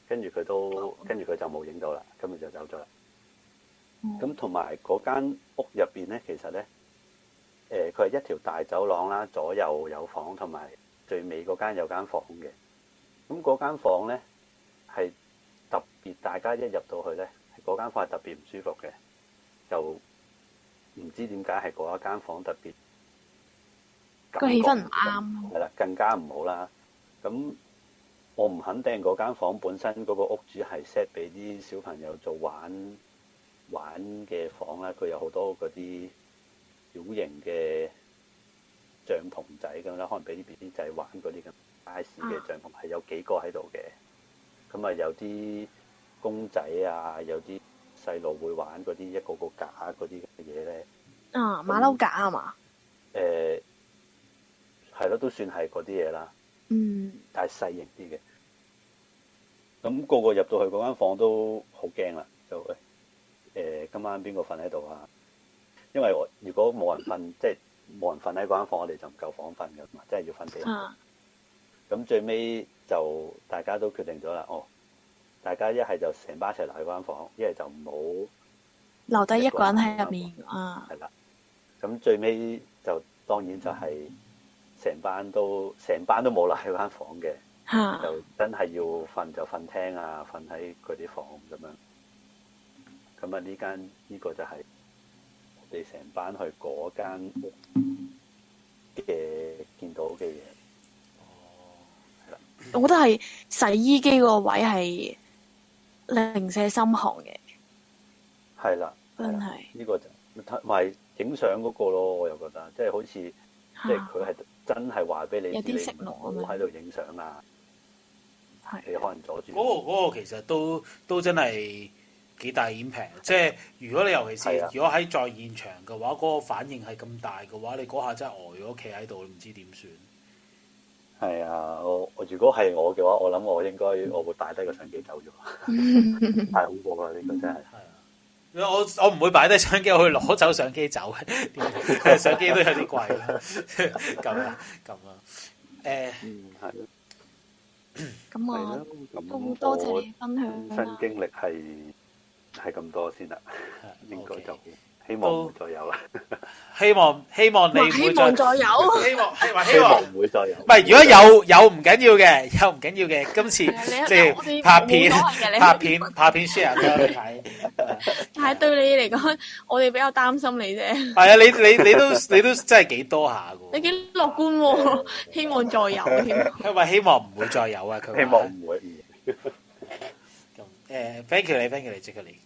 跟住佢都，跟住佢就冇影到啦，咁佢就走咗啦。咁同埋嗰間屋入邊咧，其實咧，誒、呃，佢係一條大走廊啦，左右有房，同埋最尾嗰間有間房嘅。咁嗰間房咧係特別，大家一入到去咧，嗰間房係特別唔舒服嘅，就。唔知點解係嗰一間房特別，個氣氛唔啱，係啦，更加唔好啦。咁我唔肯定嗰間房本身嗰個屋主係 set 俾啲小朋友做玩玩嘅房啦。佢有好多嗰啲小型嘅帳篷仔咁啦，可能俾啲 BB 仔玩嗰啲咁大嘅帳篷係、啊、有幾個喺度嘅。咁啊有啲公仔啊，有啲。細路會玩嗰啲一個個架嗰啲嘢咧，啊馬騮架啊嘛，誒係咯，都算係嗰啲嘢啦，嗯，但係細型啲嘅，咁、那個個入到去嗰間房都好驚啦，就誒、欸、今晚邊個瞓喺度啊？因為我如果冇人瞓，即係冇人瞓喺嗰間房，我哋就唔夠房瞓噶嘛，即係要瞓地，咁、啊、最尾就大家都決定咗啦，哦。大家一係就成班一齊留喺間房，一係就唔好留低一個人喺入面,面啊。係啦，咁最尾就當然就係成班都成班都冇留喺間房嘅，啊，就真係要瞓就瞓廳啊，瞓喺嗰啲房咁樣。咁啊，呢間呢個就係我哋成班去嗰間屋嘅見到嘅嘢。哦，係啦，我覺得係洗衣機嗰個位係。零舍心寒嘅，係啦的，真係呢、這個就同埋影相嗰個咯，我又覺得、就是啊、即係好似即係佢係真係話俾你，有啲失落喺度影相啦，係你,、啊、的你可能阻住嗰個嗰個，其實都都真係幾大 impact 即係如果你尤其是,是的如果喺在,在現場嘅話，嗰、嗰個反應係咁大嘅話，你嗰下真係呆咗，企喺度你唔知點算。係啊，我如果係我嘅話，我諗我應該我會擺低個相機走咗， [LAUGHS] 太恐怖啦呢個真係、啊。我我唔會擺低相機，我去攞走相機走， [LAUGHS] 相機都有啲貴啦，咁啊咁啊，誒、啊，咁、嗯、我咁多謝你分享啦、啊。身經歷係係咁多先啦、啊，應該就希望再有啦！希望希望你唔會再有，希望希望希望唔會再有。唔係如果有有唔緊要嘅，有唔緊要嘅。今次即係拍片，拍片，拍片 share 俾我哋睇。但係對你嚟講，我哋比較擔心你啫。係啊，你你你都你都真係幾多下嘅。你幾樂觀喎！希望再有添。因為希望唔會再有啊！佢希望唔會。咁誒，thank you 你，thank you 你，thank you 你。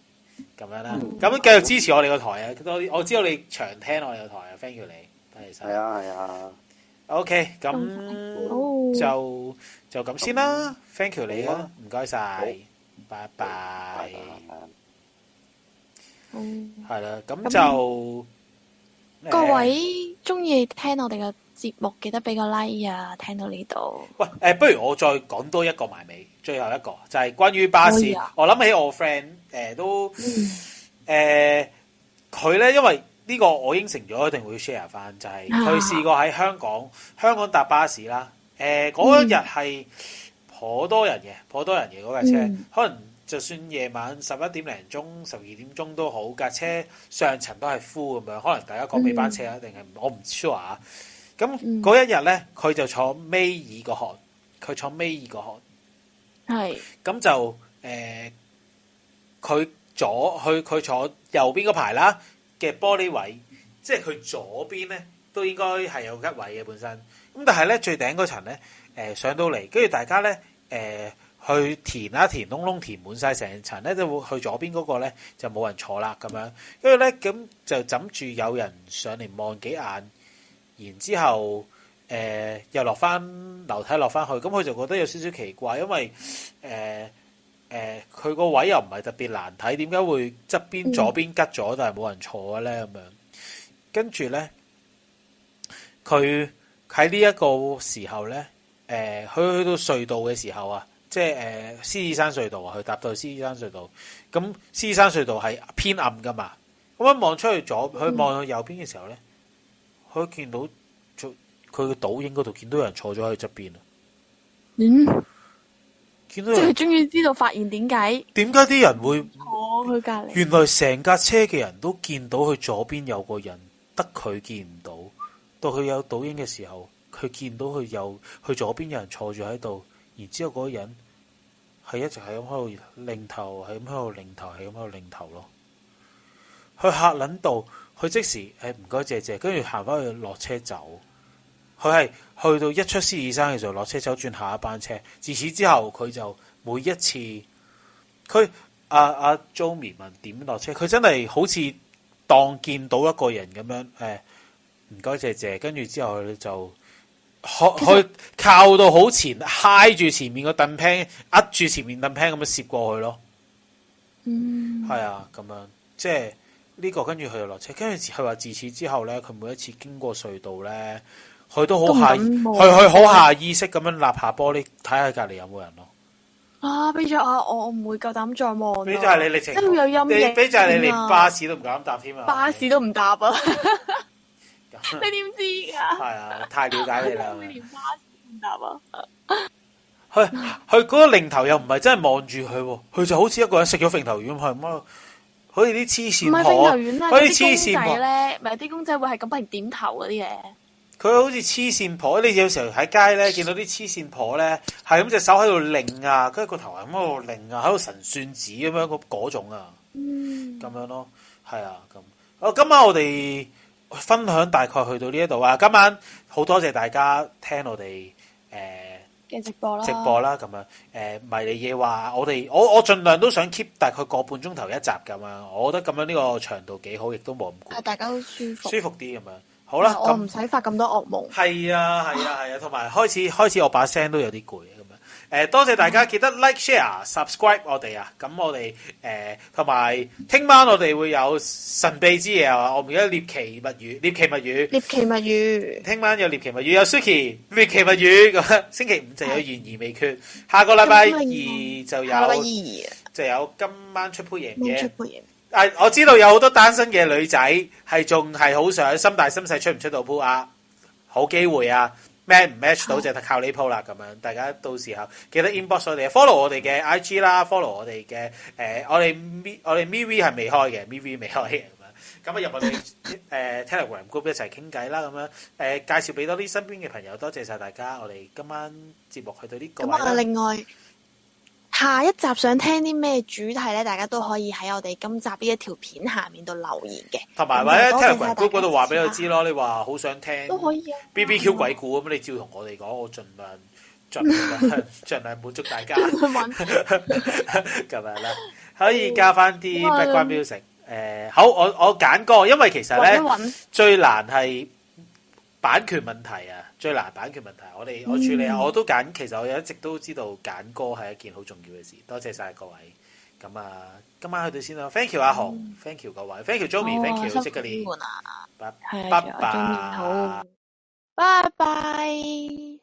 咁樣啦，咁樣繼續支持我哋個台啊！多啲，我知道你長聽我哋個台啊，thank you 你，多謝晒。係啊，係啊。OK，咁就就咁先啦，thank you 你啊，唔該晒，拜拜。係啦，咁就各位鍾意聽我哋嘅節目，記得俾個 like 啊！聽到呢度。喂，誒，不如我再講多一個埋尾。最後一個就係、是、關於巴士，啊、我諗起我 friend 誒、呃、都誒佢咧，因為呢個我應承咗一定會 share 翻，就係佢試過喺香港、啊、香港搭巴士啦。誒嗰一日係頗多人嘅，頗、嗯、多人嘅架車、嗯、可能就算夜晚十一點零鐘十二點鐘都好，架車上層都係 full 咁樣。可能大家講尾班車啊？定係我唔 sure 啊。咁嗰一日咧，佢就坐尾二個號，佢坐尾二個號。係，咁、嗯、就誒，佢、呃、左佢佢坐右邊嗰排啦嘅玻璃位，嗯、即係佢左邊咧都應該係有吉位嘅本身。咁但係咧最頂嗰層咧，誒、呃、上到嚟，跟住大家咧，誒、呃、去填啦，填窿窿填，填滿晒成層咧，就會去左邊嗰個咧就冇人坐啦咁樣。跟住咧咁就枕住有人上嚟望幾眼，然之後。誒、呃、又落翻樓梯落翻去，咁佢就覺得有少少奇怪，因為誒誒佢個位又唔係特別難睇，點解會側邊左邊吉咗，但係冇人坐咧咁樣？跟住咧，佢喺呢一個時候咧，誒、呃、去去到隧道嘅時候啊，即係誒獅子山隧道啊，佢搭到獅子山隧道。咁獅子山隧道係、嗯、偏暗噶嘛，咁一望出去左，佢望到右邊嘅時候咧，佢見到。佢個倒影嗰度見到有人坐咗喺佢側邊啊！嗯，見到有人即係佢終於知道發現點解？點解啲人會坐佢隔籬？原來成架車嘅人都見到佢左邊有個人，得佢見唔到。到佢有倒影嘅時候，佢見到佢右佢左邊有人坐住喺度，然之後嗰個人係一直係咁喺度擰頭，係咁喺度擰頭，係咁喺度擰頭咯。佢嚇撚到，佢即時誒唔該，謝、哎、謝，跟住行翻去落車走。佢係去到一出獅子山嘅時候落車走轉下一班車，自此之後佢就每一次，佢阿阿 j o o m i 問點落車，佢真係好似當見到一個人咁樣，誒唔該謝謝，跟住之後佢就可去靠到好前，揩住前面個凳 pan，壓住前面凳 pan 咁樣攝過去咯。嗯，係啊，咁樣即係呢個跟住佢就落車，跟住佢話自此之後呢，佢每一次經過隧道呢。佢都好下意，下意識咁樣立下玻璃睇下隔籬有冇人咯。啊，畀咗啊，我我唔會夠膽再望。畀咗係你？你真會有陰影啊？畀咗係你，你連巴士都唔敢搭添啊？巴士都唔搭啊？你點知噶？係啊， [LAUGHS] [LAUGHS] 啊我太了解你啦。 [LAUGHS] 巴士唔搭啊？佢佢嗰個擰頭又唔係真係望住佢，佢就好似一個人食咗 fing 頭丸咁係咁好似啲黐線婆，好似啲黐線咧，咪啲公仔會係咁不停點頭嗰啲嘢。 [LAUGHS] 佢好似黐線婆，你有時候喺街咧見到啲黐線婆咧，係咁隻手喺度擰啊，跟住個頭係咁喺度擰啊，喺度神算子咁樣嗰嗰種啊，嗯，咁樣咯，係啊，咁。哦，今晚我哋分享大概去到呢一度啊，今晚好多謝大家聽我哋誒嘅直播啦，直播啦咁樣。誒、呃，迷離夜話我哋，我我，我盡量都想 keep 大概個半鐘頭一集咁啊，我覺得咁樣呢個長度幾好，亦都冇咁，係大家都舒服舒服啲咁樣。好啦，我唔使發咁多噩夢。係、嗯、啊，係啊，係啊，同埋開始開始我把聲都有啲攰咁樣。誒、呃，多謝大家記得 like share,、share、subscribe 我哋啊。咁我哋誒，同埋聽晚我哋會有神秘之夜啊！我唔而家獵奇物語，獵奇物語，獵奇物語。聽晚有獵奇物語，有 Suki 獵奇物語。星期五就有懸而未決，下個禮拜二就有，禮拜二就有今晚出杯嘢。誒、嗯、我知道有好多單身嘅女仔係仲係好想心大心細出唔出到鋪啊，好機會啊 match 唔 match 到就靠呢鋪啦咁樣，大家到時候記得 inbox 我哋 follow 我哋嘅 IG 啦，follow 我哋嘅誒我哋 mi 我哋 m v 係未開嘅咪 i v 未開嘅咁樣，咁啊入我哋、呃、Telegram group 一齊傾偈啦咁樣誒、呃、介紹俾多啲身邊嘅朋友，多謝晒大家，我哋今晚節目去到呢個。另外。下一集想聽啲咩主題咧？大家都可以喺我哋今集呢一條片下面度留言嘅，同埋或者聽鬼故嗰度話俾我知咯，你話好想聽都可以啊。BBQ 鬼故咁你照同我哋講，我盡量盡量盡量滿足大家。咁樣啦，可以加翻啲 background music，誒，好，我我揀歌，因為其實咧最難係版權問題啊。最難版權問題，我哋我處理下。我都揀。其實我一直都知道揀歌係一件好重要嘅事。多謝晒各位。咁啊，今晚去到先啦。嗯、Thank you 阿紅，啊，Thank you 各位，嗯、Thank you Jommy，哦哦、Thank you，即刻嚟。拜拜。拜拜。